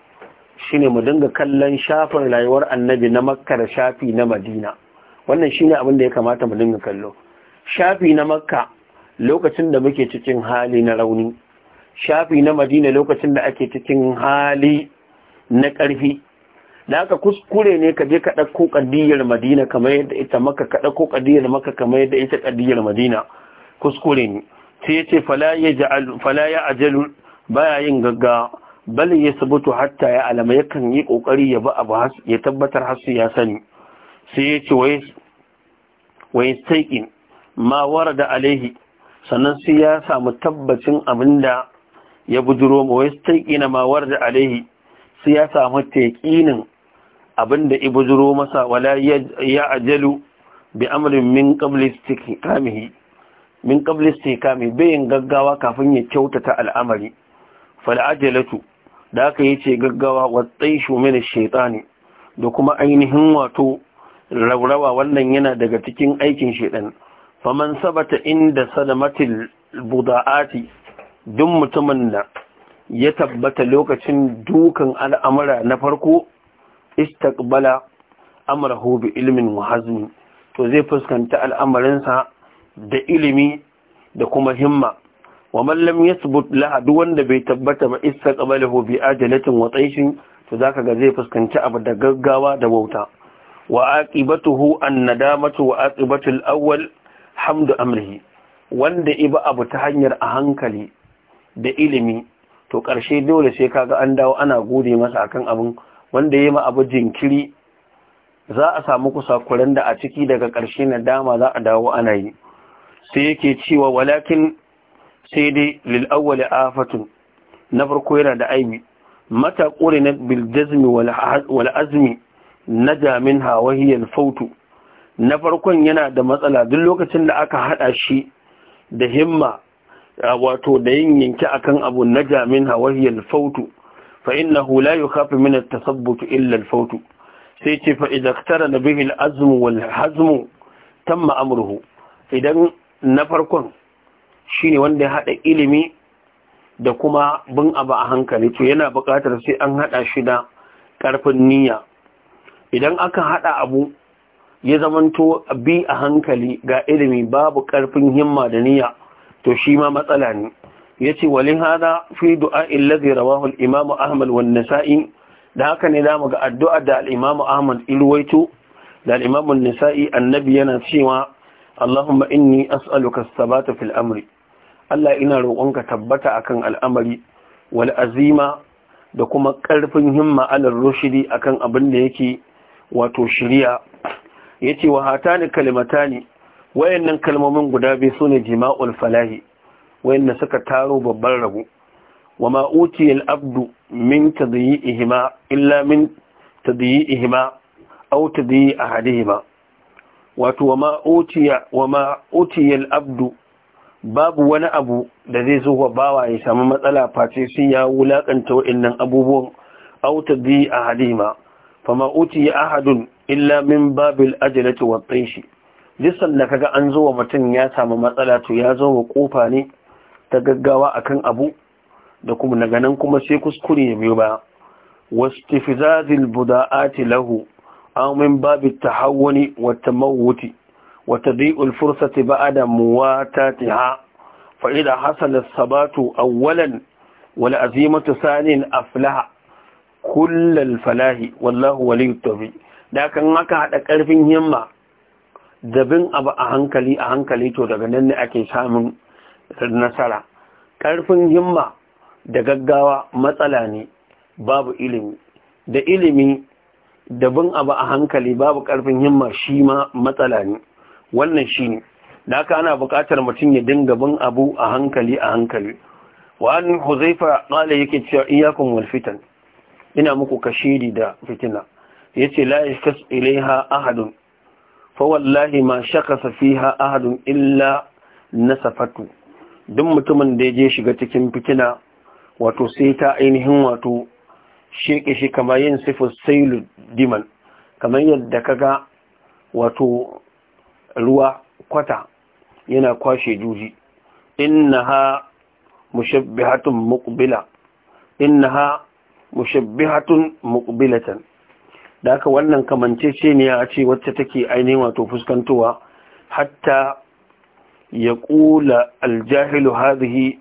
shine mu dinga kallon shafin rayuwar annabi na makka da shafi na madina wannan shine abin da ya kamata mu dinga kallo shafi na makka lokacin da muke cikin hali na rauni shafi na madina lokacin da ake cikin hali na ƙarfi da aka kuskure ne ka je ka ɗauko ƙadiyar madina kamar yadda ita maka ka ɗauko ƙadiyar maka kamar yadda ita ƙadiyar madina kuskure ne sai ya ce fala ya ajalu baya yin gagga bal ya sabutu hatta ya alama yakan yi ƙoƙari ya ba abu ya tabbatar hasu ya sani sai ya ce wai saiƙin ma wara da alaihi sannan sai ya samu tabbacin abin da ya bujuro ma wai saiƙina ma wara da alaihi sai ya samu teƙinin Abin abinda ibujuro masa wala ya ajalu bi amrin min qabli istiqamihi min qabli istiqami bayin gaggawa kafin ya kyautata al'amari fal ajalatu da aka yace gaggawa watsai tsaishu min ash-shaytani da kuma ainihin wato raurawa wannan yana daga cikin aikin shedan faman sabata inda salamatil budaati duk mutumin da ya tabbata lokacin dukan al'amura na farko Istakbala amrahu bi ilmin wa to zai fuskanta al'amarinsa da ilimi da kuma himma wa man lam yathbut laha duk wanda bai tabbata ba istaqbalahu bi ajalatin wa taishin to zaka ga zai fuskanci abu da gaggawa da wauta wa aqibatuhu an-nadamatu wa aqibatu al-awwal hamdu amrihi wanda iba abu ta hanyar a hankali da ilimi to ƙarshe dole sai kaga an dawo ana gode masa akan abin wanda ya ma abu jinkiri za a samu kusakuren da a ciki daga ƙarshe na dama za a dawo ana yi sai yake cewa walakin sai dai lil'awwali afatun na farko yana da aibi mata na biljazmi walazmi na jamin hawahiyar fautu na farkon yana da matsala duk lokacin da aka haɗa shi da himma wato da yin yanki akan abu na jamin hawahiyar fautu fa innahu la yukhafu min at illar illa al-fawt sai ce fa idza iktarana bihi al-azm wal hazm tamma amruhu idan na farkon shine wanda ya hada ilimi da kuma bin abu a hankali to yana buƙatar sai an hada shi da karfin niyya idan aka hada abu ya zamanto bi a hankali ga ilimi babu karfin himma da niyya to shi ma matsala ne yace wali hada fi du'a alladhi rawahu al-imam ahmad an nasa'i da haka ne zamu ga addu'a da al-imam ahmad ilwaitu da al-imam an-nasa'i annabi yana cewa Allahumma inni as'aluka as-sabata fil amri Allah ina roƙonka tabbata akan al'amari wal azima da kuma ƙarfin himma alal rushidi akan abin da yake wato shiriya yace wa hatani kalimatani wayannan kalmomin guda biyu sune jima'ul falahi wayanda suka taro babban rabu. wa ma utiya al-abdu min tadyi'ihima illa min tadyi'ihima aw tadyi ahadihima wato wa ma utiya wa ma utiya al-abdu babu wani abu da zai zo wa bawa ya samu matsala face sun ya wulakanta wa'annan abubuwan aw tadyi ahadihima ma utiya ahadun illa min babil ajlati wa tayshi duk sanda kaga an zo wa mutum ya samu matsala to ya zo wa kofa ne ta gaggawa akan abu da kuma daga nan kuma sai kuskure ya biyo ba wastifzazil buda'ati lahu aw min babit tahawuni wa tamawuti wa tadhi'ul fursati ba'da muwatatiha fa idha hasala as-sabatu awwalan wal azimatu a aflaha kullal falahi wallahu waliyut tawfiq da kan haka hada karfin himma da bin abu a hankali a hankali to daga nan ne ake samun nasara ƙarfin himma da gaggawa matsala ne babu ilimi da ilimi da bin abu a hankali babu ƙarfin himma shi ma matsala ne wannan shi ne da aka ana buƙatar mutum ya dinga bin abu a hankali a hankali wa'an huzaifa ƙala yake cewa iyakun walfitan ina muku kashiri da fitina yace la yaskas ilaiha ahadun fa wallahi ma shakasa fiha ahadun illa na nasafatu duk mutumin da ya je shiga cikin fitina wato sai ta ainihin wato sheke shi kamar yin sifo sailu diman kamar yadda ka ga wato ruwa kwata yana kwashe juji innaha mushabbihatun muqbila innaha mushabbihatun muqbilatan da aka wannan kamance ce ne a ce wacce take ainihin wato fuskantowa hatta ya ƙula aljahilu hadhihi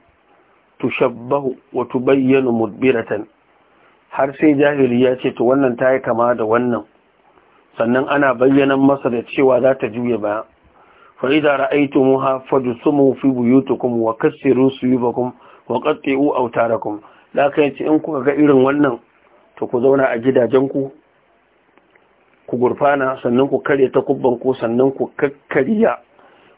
tushabbahu wa tubayyanu mudbiratan har sai jahili ya ce to wannan ta yi kama da wannan sannan ana bayyanan masa da cewa za ta juya baya fa idza ra'aytumuha fadsumu fi kuma, wa kassiru suyubakum wa qatti'u awtarakum da kai ce in kuka ga irin wannan to ku zauna a gidajenku ku gurfana sannan ku karya kubban ku sannan ku kakarya.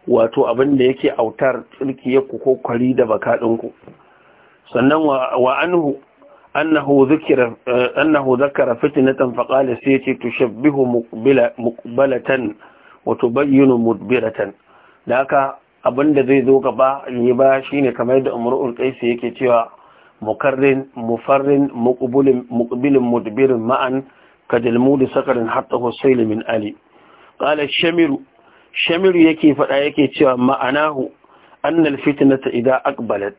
wato abin da yake autar tsirkiyarku ko kwari da bakaɗinku sannan wa anhu annahu zikira annahu zakara fitinatan faqala sai yace tushabbihu muqbila muqbalatan wa tubayyinu mudbiratan da haka abinda zai zo gaba ne ba shine kamar yadda umrul qais yake cewa mukarrin mufarrin mukbilin muqbilin mudbirin ma'an da sakarin hatta husayl min ali qala shamiru shamiru yake faɗa yake cewa ma'anahu annal fitnata idan aqbalat.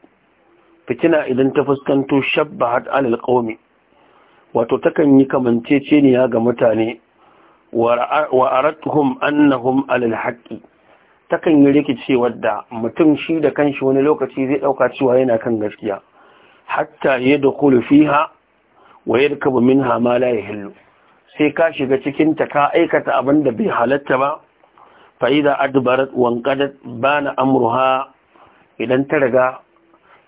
fitina idan ta fuskanto shabbahat alal qaumi wato takan yi kamanceceniya ga mutane wa aratuhum annahum alal haqqi takan yi rikici wadda mutum shi da kanshi wani lokaci zai dauka cewa yana kan gaskiya hatta yadkhulu fiha wa yarkabu minha ma la yahillu sai ka shiga cikin ta ka aikata abin da bai halatta ba fa'ida adbarat ba bana amurha idan ta riga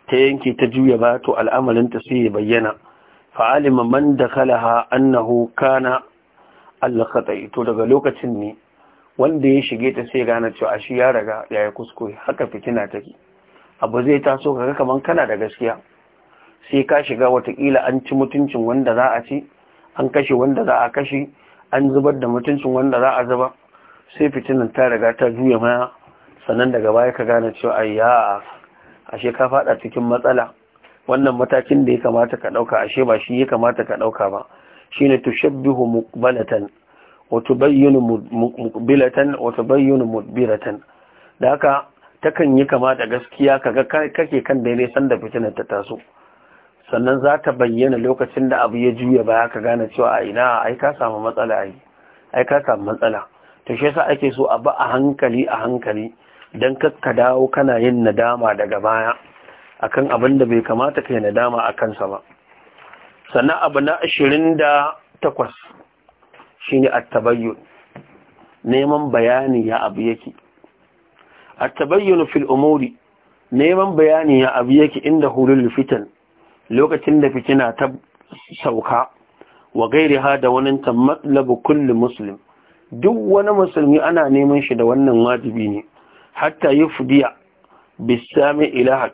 ta yanke ta juya ba to al'amarin ta sai ya bayyana fa'alima man dakalaha annahu kana ka tsaye to daga lokacin ne wanda ya shige ta sai gane cewa shi ya riga yayi kuskure haka fitina take abu zai taso kaga kamar kana da gaskiya sai ka shiga watakila an ci mutuncin wanda za a ci an kashe wanda za a kashe an zubar da mutuncin wanda za a zuba sai fitinan ta riga ta juya ma sannan daga baya ka gane cewa ayya ashe ka fada cikin matsala wannan matakin da ya kamata ka dauka ashe ba shi ya kamata ka dauka ba shine tushabbihu muqbalatan wa tubayyinu muqbilatan wa tubayyinu mudbiratan da haka takan yi kama da gaskiya kaga kake kan da ne san da fitinin ta taso sannan za ta bayyana lokacin da abu ya juya baya ka gane cewa a ina ai ka samu matsala ai ai ka samu matsala ta shi yasa ake so a ba a hankali a hankali don kakka dawo kana yin nadama daga baya akan abin da bai kamata kai nadama a kansa ba sannan abu na ashirin da takwas shine attabayyun neman bayani ya abu yake attabayyun fil umuri neman bayani ya abu yake inda hulul fitan lokacin da fitina ta sauka wa gairi ha da wani matlabu kulli muslim duk wani musulmi ana neman shi da wannan wajibi ne hatta yi fudiya bisami ila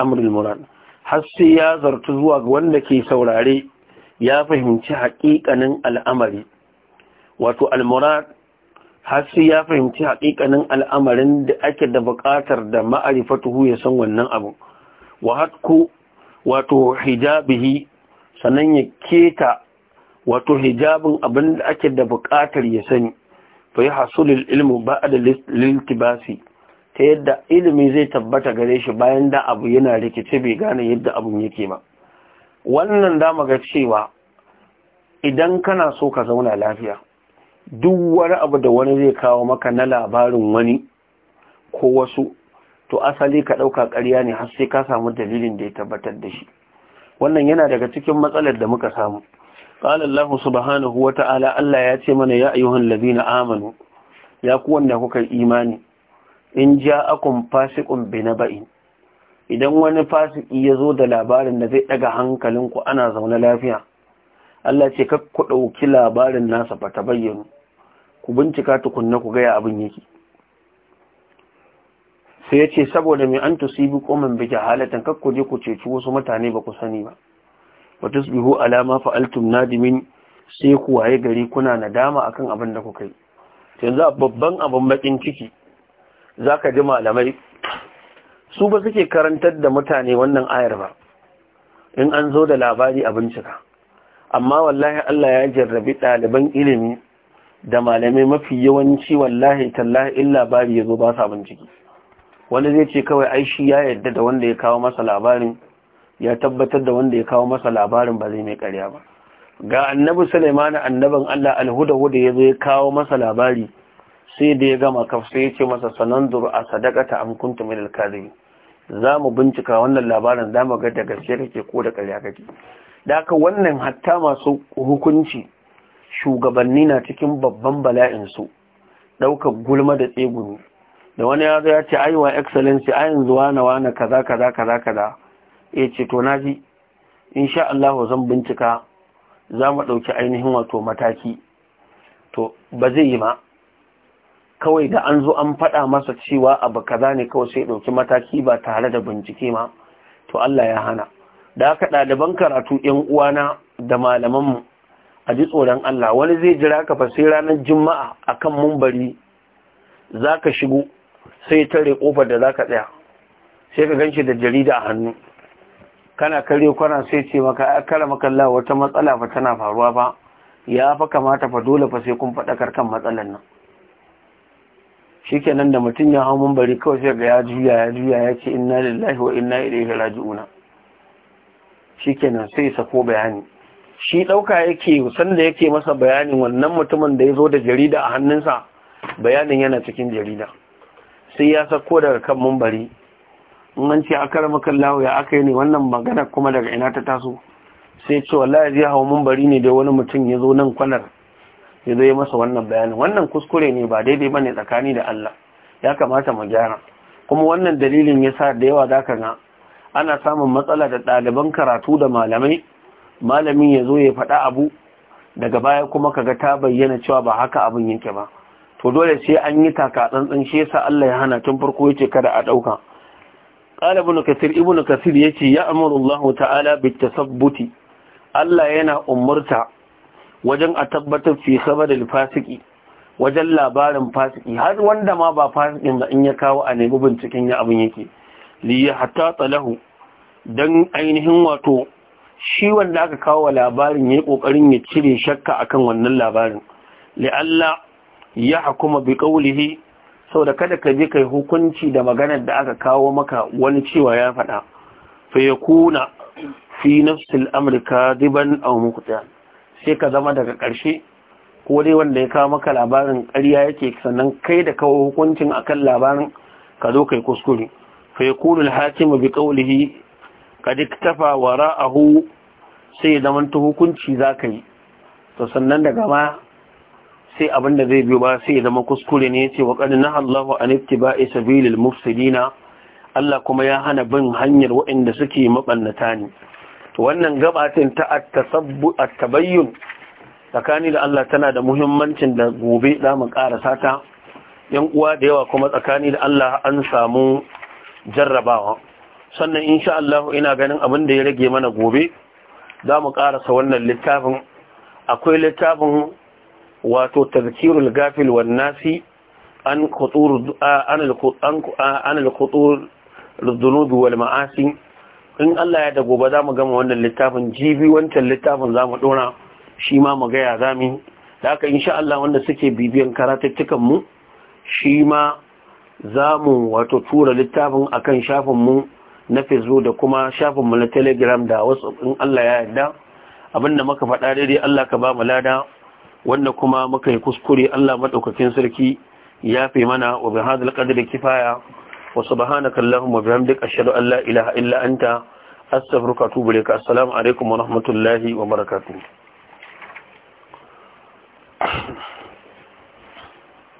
amr al murad har sai ya zartu zuwa ga wanda ke saurare ya fahimci haƙiƙanin al'amari wato al-murad har sai ya fahimci haƙiƙanin al'amarin da ake da buƙatar da ma'arifatuhu ya san wannan abu wa hatku wato hijabihi sannan ya keta wato hijabin abin da ake da buƙatar ya sani fa yi hasulul ilmu da liltibasi ta yadda ilimi zai tabbata gare shi bayan da abu yana rikice bai gane yadda abun yake ba wannan dama ga cewa idan kana so ka zauna lafiya duk wani abu da wani zai kawo maka na labarin wani ko wasu to asali ka ɗauka ƙarya ne har sai ka samu dalilin da ya tabbatar da shi wannan yana daga cikin matsalar da muka samu قال الله سبحانه وتعالى الله ياتي من يا أيها الذين آمنوا يا كون كوكا imani, in ja'akum fasiqun binaba'in idan wani fasiki zo da labarin da zai ɗaga hankalinku ana zaune lafiya Allah ce kak ku ɗauki labarin nasa fa tabayyana ku bincika tukunna ku gaya abin yake sai ya ce saboda mai an tusibi qauman bi jahalatan kak ku je ku ceci wasu mutane ba ku sani ba wa tasbihu ala ma fa'altum nadimin sai ku waye gari kuna nadama akan abin da kuka yi yanzu babban abin bakin ciki zaka ji malamai su ba suke karantar da mutane wannan ayar ba in an zo da labari a bincika amma wallahi Allah ya jarrabi ɗaliban ilimi da malamai mafi yawanci wallahi tallahi in labari yazo zo ba sa binciki. wanda zai ce kawai ai shi ya yarda da wanda ya kawo masa labarin ya tabbatar da wanda ya kawo masa labarin ba zai mai karya ba ga annabi Sulaiman annaban Allah alhuda huda zo ya kawo masa labari sai da ya gama kaf sai ya ce masa sananzur a sadakata am kuntum min al za mu bincika wannan labarin za mu ga da gaske kake ko da ƙarya kake da haka wannan hatta masu hukunci shugabanni na cikin babban bala'in su ɗaukar gulma da tsegumi da wani ya zo ya ce aiwa excellency a zuwa, "Na, wana kaza kaza kaza kaza ya ce to na ji insha Allah zan bincika za mu ɗauki ainihin wato mataki to ba zai yi ma kawai da an zo an faɗa masa cewa abu kaza ne kawai sai ɗauki mataki ba tare da bincike ma to Allah ya hana da aka ɗaliban karatu ‘yan uwana da malamanmu a ji tsoron Allah wani zai jira ka fa sai ranar juma'a akan kan mumbari za shigo sai tare ƙofar da zaka ka tsaya sai ka ganshi da jarida a hannu kana kare kwana sai ce maka kare kara makalla wata matsala fa tana faruwa ba ya fa kamata fa dole fa sai kun faɗakar kan matsalan nan shikenan da mutum ya hau bari kawai sai ga ya juya ya juya ya ce inna lillahi wa inna ilaihi raji'una shikenan sai sako bayani shi ɗauka yake sanda yake masa bayanin wannan mutumin da ya zo da jarida a hannunsa bayanin yana cikin jarida sai ya sako daga kan mumbari in an ce kan makallahu ya aka yi ne wannan magana kuma daga ina ta taso sai cewa wallahi zai hau mun bari ne da wani mutum ya zo nan kwanar ya zo masa wannan bayanin wannan kuskure ne ba daidai bane tsakani da Allah ya kamata mu gyara kuma wannan dalilin yasa da yawa za ka ga ana samun matsala da ɗaliban karatu da malamai malamin ya zo ya faɗa abu daga baya kuma kaga ta bayyana cewa ba haka abin yake ba to dole sai an yi taka tsantsan shi yasa Allah ya hana tun farko yace kada a ɗauka qala ibn kasir ibn kasir yace ya amuru Allah ta'ala bit tasabbuti Allah yana umurta wajen a tabbatar fi khabaril fasiki wajen labarin fasiki har wanda ma ba fasikin da in ya kawo a nemi binciken ya abin yake li ya hatta talahu dan ainihin wato shi wanda aka kawo wa labarin yayi ƙoƙarin ya cire shakka akan wannan labarin li Allah ya hukuma bi sau da kada ka je kai hukunci da maganar da aka kawo maka wani cewa ya faɗa fa ya kuna fi nafsil amurka diban a mukuta sai ka zama daga ƙarshe ko dai wanda ya kawo maka labarin ƙarya yake sannan kai da kawo hukuncin akan labarin ka zo kai kuskure fa ya kuna alhakimu bi qawlihi kad iktafa wara'ahu sai ya zama hukunci za ka yi to sannan daga ma sai abin da zai biyo ba sai ya zama kuskure ne yace wa na Allahu an ittiba'i sabilil mufsidina Allah kuma ya hana bin hanyar waɗanda suke mabannata ne wannan gabatin ta at-tasabbu at tsakani da Allah tana da muhimmancin da gobe za mu karasa ta yan uwa da yawa kuma tsakani da Allah an samu jarrabawa sannan insha Allah ina ganin abin da ya rage mana gobe za mu karasa wannan littafin akwai littafin wato tazkirul gafil wan nasi an khutur an al khutur lidunub wal ma'asi in Allah ya dago ba za mu gama wannan littafin jibi wancan littafin za mu dora shi ma mu ga ya zami da haka insha Allah wanda suke bibiyan karatuttukan mu shi ma za mu wato tura littafin akan shafin mu na Facebook da kuma shafin mu na Telegram da wasu in Allah ya yarda abinda muka faɗa daidai Allah ka ba mu lada wanda kuma muka yi kuskure Allah maɗaukakin sarki ya fi mana wa bi hadal qadri kifaya wa subhanaka allahumma bihamdika ashhadu an la ilaha illa anta astaghfiruka wa atubu assalamu alaikum wa rahmatullahi wa barakatuh